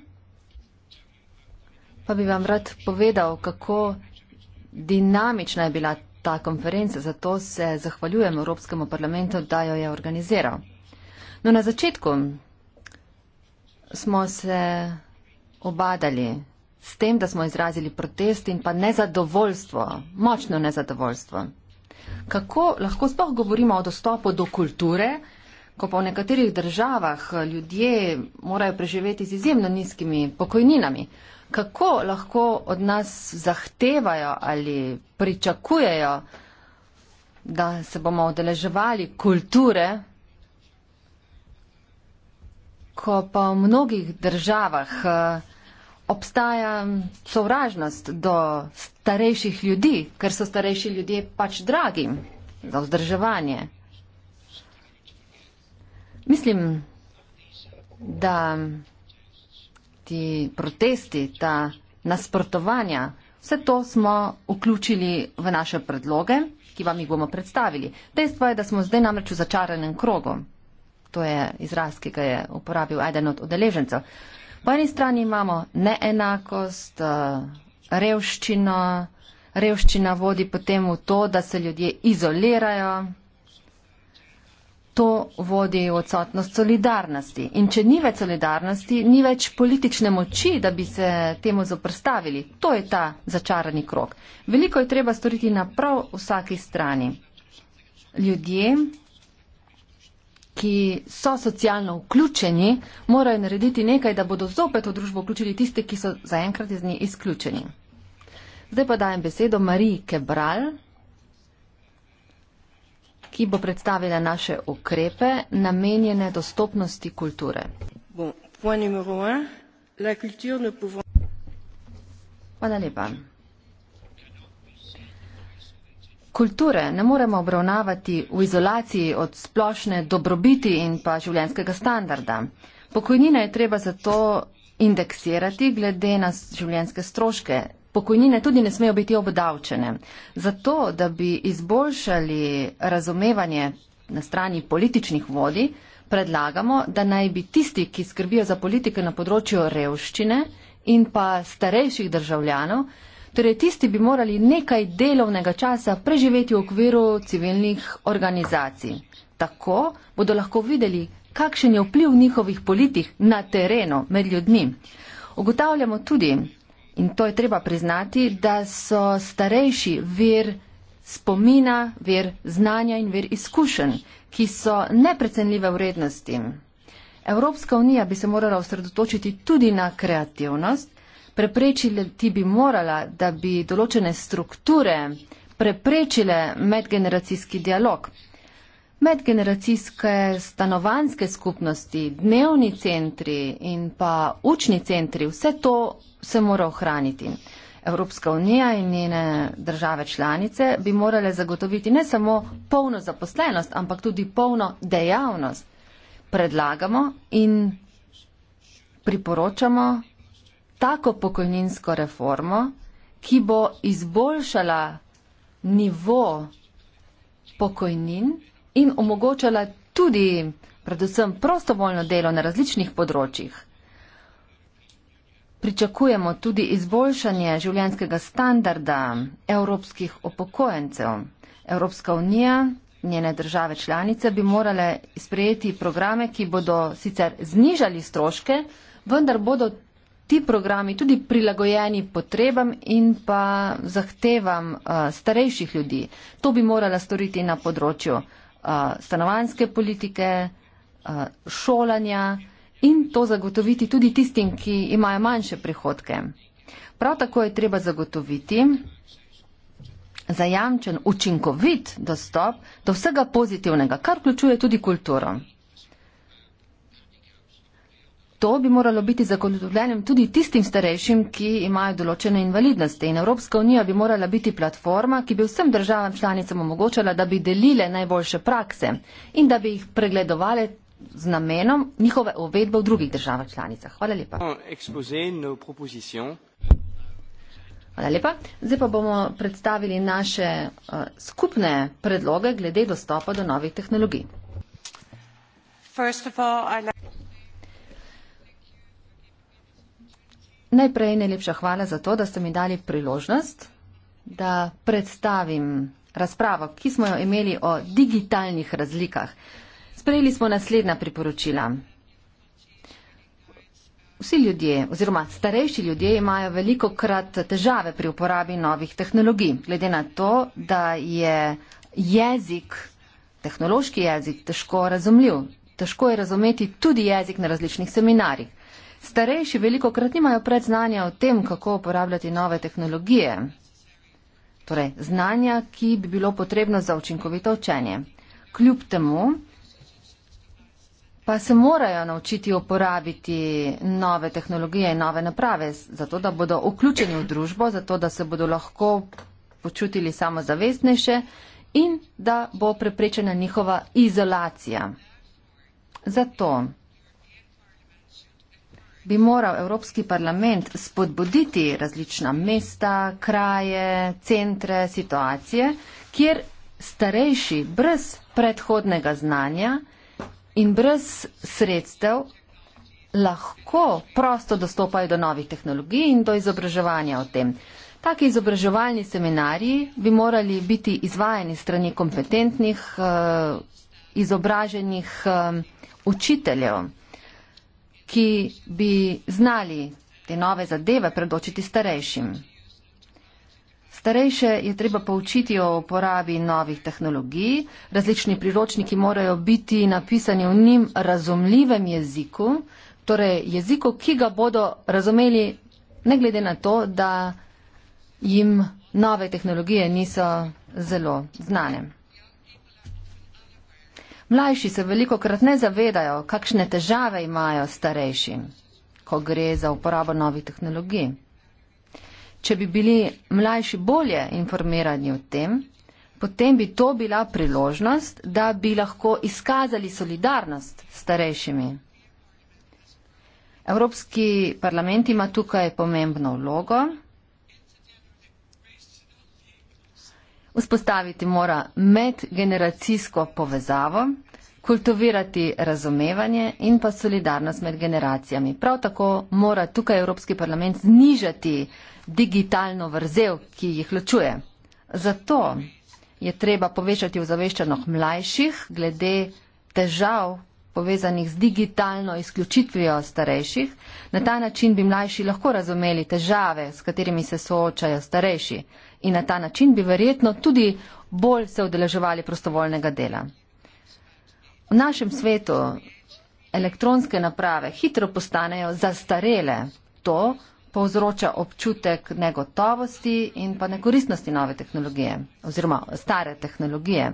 pa bi vam rad povedal, kako dinamična je bila ta konferenca, zato se zahvaljujem Evropskemu parlamentu, da jo je organiziral. No, na začetku smo se obadali s tem, da smo izrazili protest in pa nezadovoljstvo, močno nezadovoljstvo. Kako lahko sploh govorimo o dostopu do kulture, ko pa v nekaterih državah ljudje morajo preživeti z izjemno nizkimi pokojninami? kako lahko od nas zahtevajo ali pričakujejo, da se bomo odeleževali kulture, ko pa v mnogih državah eh, obstaja sovražnost do starejših ljudi, ker so starejši ljudje pač dragi za vzdrževanje. Mislim, da ti protesti, ta nasprotovanja, vse to smo vključili v naše predloge, ki vam jih bomo predstavili. Dejstvo je, da smo zdaj namreč v začaranem krogu. To je izraz, ki ga je uporabil eden od odeležencev. Po eni strani imamo neenakost, eh, revščino, revščina vodi potem v to, da se ljudje izolirajo, To vodi v odsotnost solidarnosti. In če ni več solidarnosti, ni več politične moči, da bi se temu zoprstavili. To je ta začarani krok. Veliko je treba storiti na prav vsaki strani. Ljudje, ki so socialno vključeni, morajo narediti nekaj, da bodo zopet v družbo vključili tiste, ki so zaenkrat iz nje izključeni. Zdaj pa dajem besedo Mariji Kebral, ki bo predstavila naše ukrepe namenjene dostopnosti kulture. Bon, un, pouvons... Hvala lepa. Kulture ne moremo obravnavati v izolaciji od splošne dobrobiti in pa življenskega standarda. Pokojnine je treba zato indeksirati glede na življenske stroške, pokojnine tudi ne smejo biti obdavčene. Zato, da bi izboljšali razumevanje na strani političnih vodi, predlagamo, da naj bi tisti, ki skrbijo za politike na področju revščine in pa starejših državljanov, torej tisti bi morali nekaj delovnega časa preživeti v okviru civilnih organizacij. Tako bodo lahko videli, kakšen je vpliv njihovih politik na terenu med ljudmi. Ugotavljamo tudi, In to je treba priznati, da so starejši vir spomina, vir znanja in vir izkušenj, ki so neprecenljive vrednosti. Evropska unija bi se morala osredotočiti tudi na kreativnost, preprečili ti bi morala, da bi določene strukture preprečile medgeneracijski dialog medgeneracijske stanovanske skupnosti, dnevni centri in pa učni centri, vse to se mora ohraniti. Evropska unija in njene države članice bi morale zagotoviti ne samo polno zaposlenost, ampak tudi polno dejavnost. Predlagamo in priporočamo tako pokojninsko reformo, ki bo izboljšala nivo pokojnin in omogočala tudi predvsem prostovoljno delo na različnih področjih. Pričakujemo tudi izboljšanje življenskega standarda evropskih upokojencev. Evropska unija, njene države članice bi morale sprejeti programe, ki bodo sicer znižali stroške, vendar bodo ti programi tudi prilagojeni potrebam in pa zahtevam uh, starejših ljudi. To bi morala storiti na področju stanovanske politike, šolanja in to zagotoviti tudi tistim, ki imajo manjše prihodke. Prav tako je treba zagotoviti zajamčen, učinkovit dostop do vsega pozitivnega, kar vključuje tudi kulturo to bi moralo biti zagotovljenim tudi tistim starejšim, ki imajo določene invalidnosti. In Evropska unija bi morala biti platforma, ki bi vsem državam članicam omogočala, da bi delile najboljše prakse in da bi jih pregledovali z namenom njihove uvedbe v drugih državah članicah. Hvala lepa. Hvala lepa. Zdaj pa bomo predstavili naše uh, skupne predloge glede dostopa do novih tehnologij. First of all, I like Najprej najlepša hvala za to, da ste mi dali priložnost, da predstavim razpravo, ki smo jo imeli o digitalnih razlikah. Sprejeli smo naslednja priporočila. Vsi ljudje oziroma starejši ljudje imajo veliko krat težave pri uporabi novih tehnologij, glede na to, da je jezik, tehnološki jezik, težko razumljiv. Težko je razumeti tudi jezik na različnih seminarjih. Starejši veliko krat nimajo predznanja o tem, kako uporabljati nove tehnologije. Torej, znanja, ki bi bilo potrebno za učinkovito učenje. Kljub temu pa se morajo naučiti uporabiti nove tehnologije in nove naprave, zato da bodo vključeni v družbo, zato da se bodo lahko počutili samozavestnejše in da bo preprečena njihova izolacija. Zato bi moral Evropski parlament spodbuditi različna mesta, kraje, centre, situacije, kjer starejši brez predhodnega znanja in brez sredstev lahko prosto dostopajo do novih tehnologij in do izobraževanja o tem. Taki izobraževalni seminariji bi morali biti izvajani strani kompetentnih, eh, izobraženih eh, učiteljev ki bi znali te nove zadeve predočiti starejšim. Starejše je treba poučiti o uporabi novih tehnologij, različni priročniki morajo biti napisani v njim razumljivem jeziku, torej jeziku, ki ga bodo razumeli ne glede na to, da jim nove tehnologije niso zelo znane. Mlajši se veliko krat ne zavedajo, kakšne težave imajo starejši, ko gre za uporabo novih tehnologij. Če bi bili mlajši bolje informirani o tem, potem bi to bila priložnost, da bi lahko izkazali solidarnost s starejšimi. Evropski parlament ima tukaj pomembno vlogo. Vzpostaviti mora medgeneracijsko povezavo, kultivirati razumevanje in pa solidarnost med generacijami. Prav tako mora tukaj Evropski parlament znižati digitalno vrzel, ki jih ločuje. Zato je treba povečati ozaveščenost mlajših glede težav povezanih z digitalno izključitvijo starejših. Na ta način bi mlajši lahko razumeli težave, s katerimi se soočajo starejši in na ta način bi verjetno tudi bolj se odeleževali prostovoljnega dela. V našem svetu elektronske naprave hitro postanejo zastarele. To povzroča občutek negotovosti in pa nekoristnosti nove tehnologije oziroma stare tehnologije.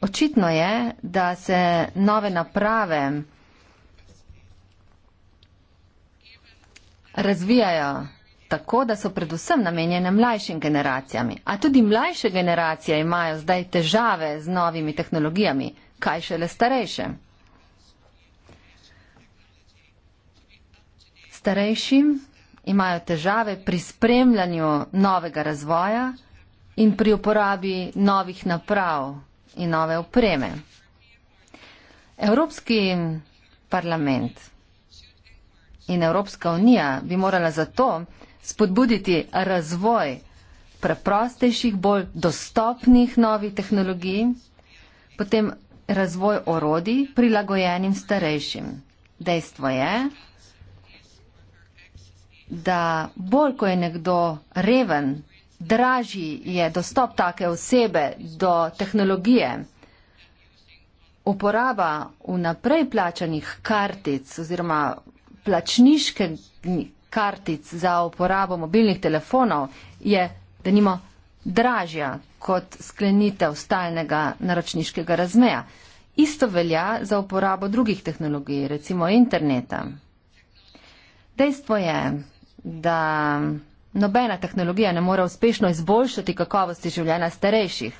Očitno je, da se nove naprave razvijajo tako da so predvsem namenjene mlajšim generacijami. A tudi mlajše generacije imajo zdaj težave z novimi tehnologijami, kaj šele starejše. Starejšim imajo težave pri spremljanju novega razvoja in pri uporabi novih naprav in nove opreme. Evropski parlament in Evropska unija bi morala zato spodbuditi razvoj preprostejših, bolj dostopnih novih tehnologij, potem razvoj orodij prilagojenim starejšim. Dejstvo je, da bolj, ko je nekdo reven, dražji je dostop take osebe do tehnologije, uporaba vnaprej plačanih kartic oziroma plačniške kartic za uporabo mobilnih telefonov je, da nima dražja kot sklenitev stalnega naročniškega razmeja. Isto velja za uporabo drugih tehnologij, recimo interneta. Dejstvo je, da nobena tehnologija ne more uspešno izboljšati kakovosti življenja starejših.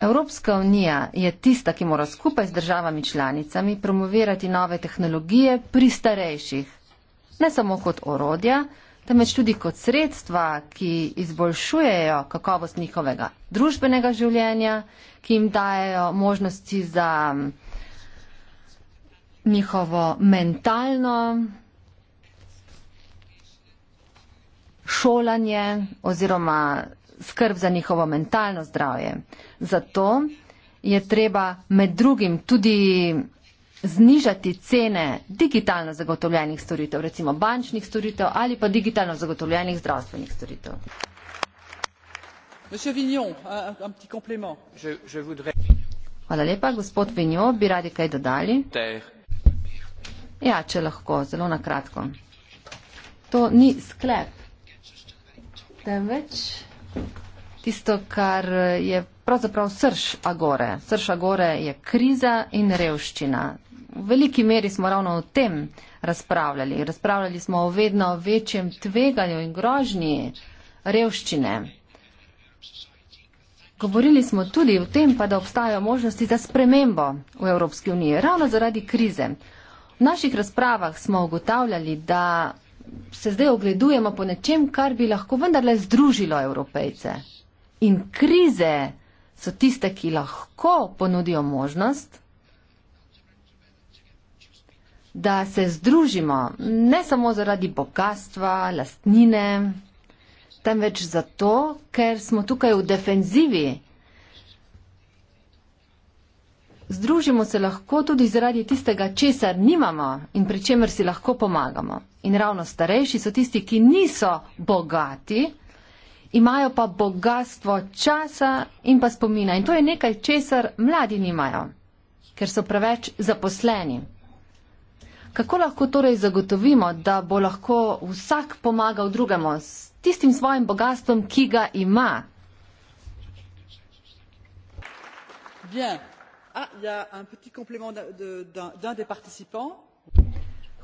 Evropska unija je tista, ki mora skupaj z državami članicami promovirati nove tehnologije pri starejših ne samo kot orodja, temveč tudi kot sredstva, ki izboljšujejo kakovost njihovega družbenega življenja, ki jim dajo možnosti za mm, njihovo mentalno šolanje oziroma skrb za njihovo mentalno zdravje. Zato je treba med drugim tudi znižati cene digitalno zagotovljenih storitev, recimo bančnih storitev ali pa digitalno zagotovljenih zdravstvenih storitev. Hvala lepa. Gospod Vignon, bi radi kaj dodali? Ja, če lahko, zelo na kratko. To ni sklep, temveč tisto, kar je pravzaprav srž Agore. Srž Agore je kriza in revščina v veliki meri smo ravno o tem razpravljali. Razpravljali smo o vedno večjem tveganju in grožnji revščine. Govorili smo tudi o tem, pa da obstajajo možnosti za spremembo v Evropski uniji, ravno zaradi krize. V naših razpravah smo ugotavljali, da se zdaj ogledujemo po nečem, kar bi lahko vendarle združilo evropejce. In krize so tiste, ki lahko ponudijo možnost, da se združimo ne samo zaradi bogatstva, lastnine, temveč zato, ker smo tukaj v defenzivi. Združimo se lahko tudi zaradi tistega, česar nimamo in pri čemer si lahko pomagamo. In ravno starejši so tisti, ki niso bogati, imajo pa bogatstvo časa in pa spomina. In to je nekaj, česar mladi nimajo, ker so preveč zaposleni. Kako lahko torej zagotovimo, da bo lahko vsak pomagal drugemu s tistim svojim bogatstvom, ki ga ima? Ah,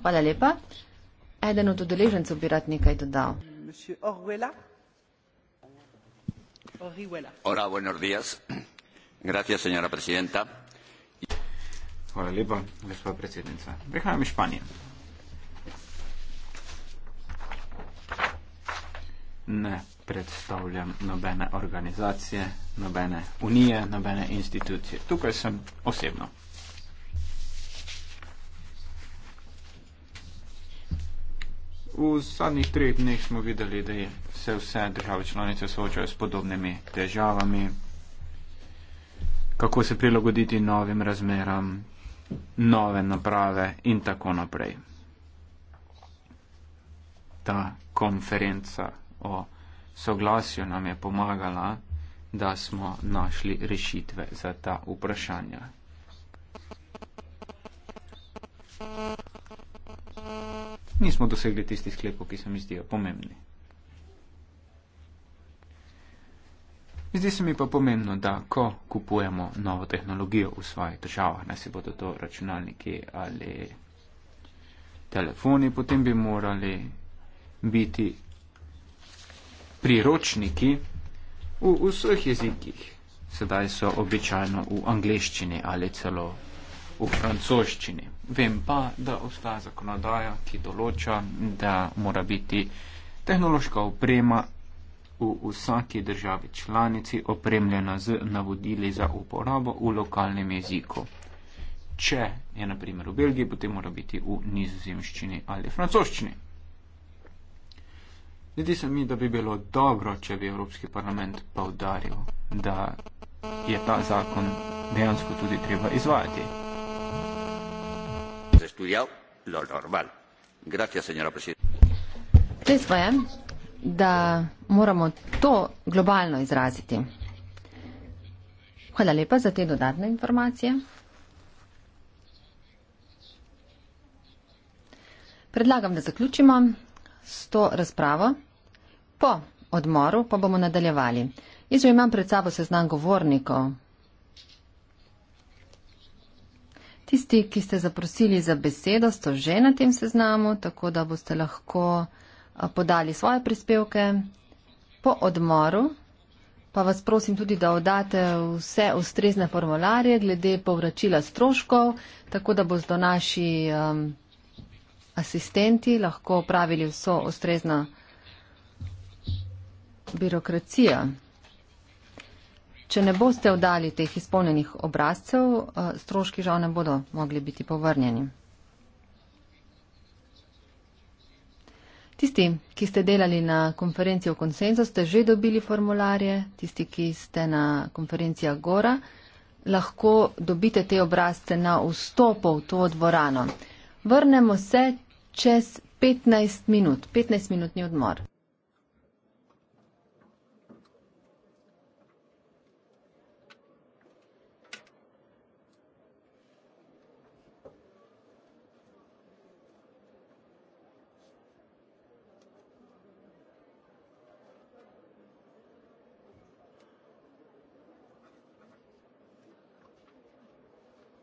Hvala lepa. Eden od udeležencev bi rad nekaj dodal. Hvala, buenos días. Gracias, señora presidenta. Hvala lepa, gospod predsednica. Prihajam iz Španije. Ne predstavljam nobene organizacije, nobene unije, nobene institucije. Tukaj sem osebno. V zadnjih treh dneh smo videli, da se vse države članice soočajo s podobnimi težavami, kako se prilagoditi novim razmeram, nove naprave in tako naprej. Ta konferenca o soglasju nam je pomagala, da smo našli rešitve za ta vprašanja. Nismo dosegli tistih sklepov, ki se mi zdijo pomembni. Zdi se mi pa pomembno, da ko kupujemo novo tehnologijo v svojih državah, naj si bodo to računalniki ali telefoni, potem bi morali biti priročniki v vseh jezikih. Sedaj so običajno v angleščini ali celo v francoščini. Vem pa, da obstaja zakonodaja, ki določa, da mora biti tehnološka oprema v vsaki državi članici opremljena z navodili za uporabo v lokalnem jeziku. Če je na primer v Belgiji, potem mora biti v nizozemščini ali francoščini. Zdi se mi, da bi bilo dobro, če bi Evropski parlament povdaril, da je ta zakon dejansko tudi treba izvajati. Please, da moramo to globalno izraziti. Hvala lepa za te dodatne informacije. Predlagam, da zaključimo s to razpravo. Po odmoru pa bomo nadaljevali. Jaz že imam pred sabo seznam govornikov. Tisti, ki ste zaprosili za besedo, so že na tem seznamu, tako da boste lahko podali svoje prispevke. Po odmoru pa vas prosim tudi, da oddate vse ustrezne formularje glede povračila stroškov, tako da bodo naši um, asistenti lahko pravili vso ustrezno birokracijo. Če ne boste oddali teh izpolnjenih obrazcev, uh, stroški žal ne bodo mogli biti povrnjeni. Tisti, ki ste delali na konferenci o konsenzu, ste že dobili formularje, tisti, ki ste na konferenci Agora, lahko dobite te obrazce na vstopu v to dvorano. Vrnemo se čez 15 minut, 15 minutni odmor.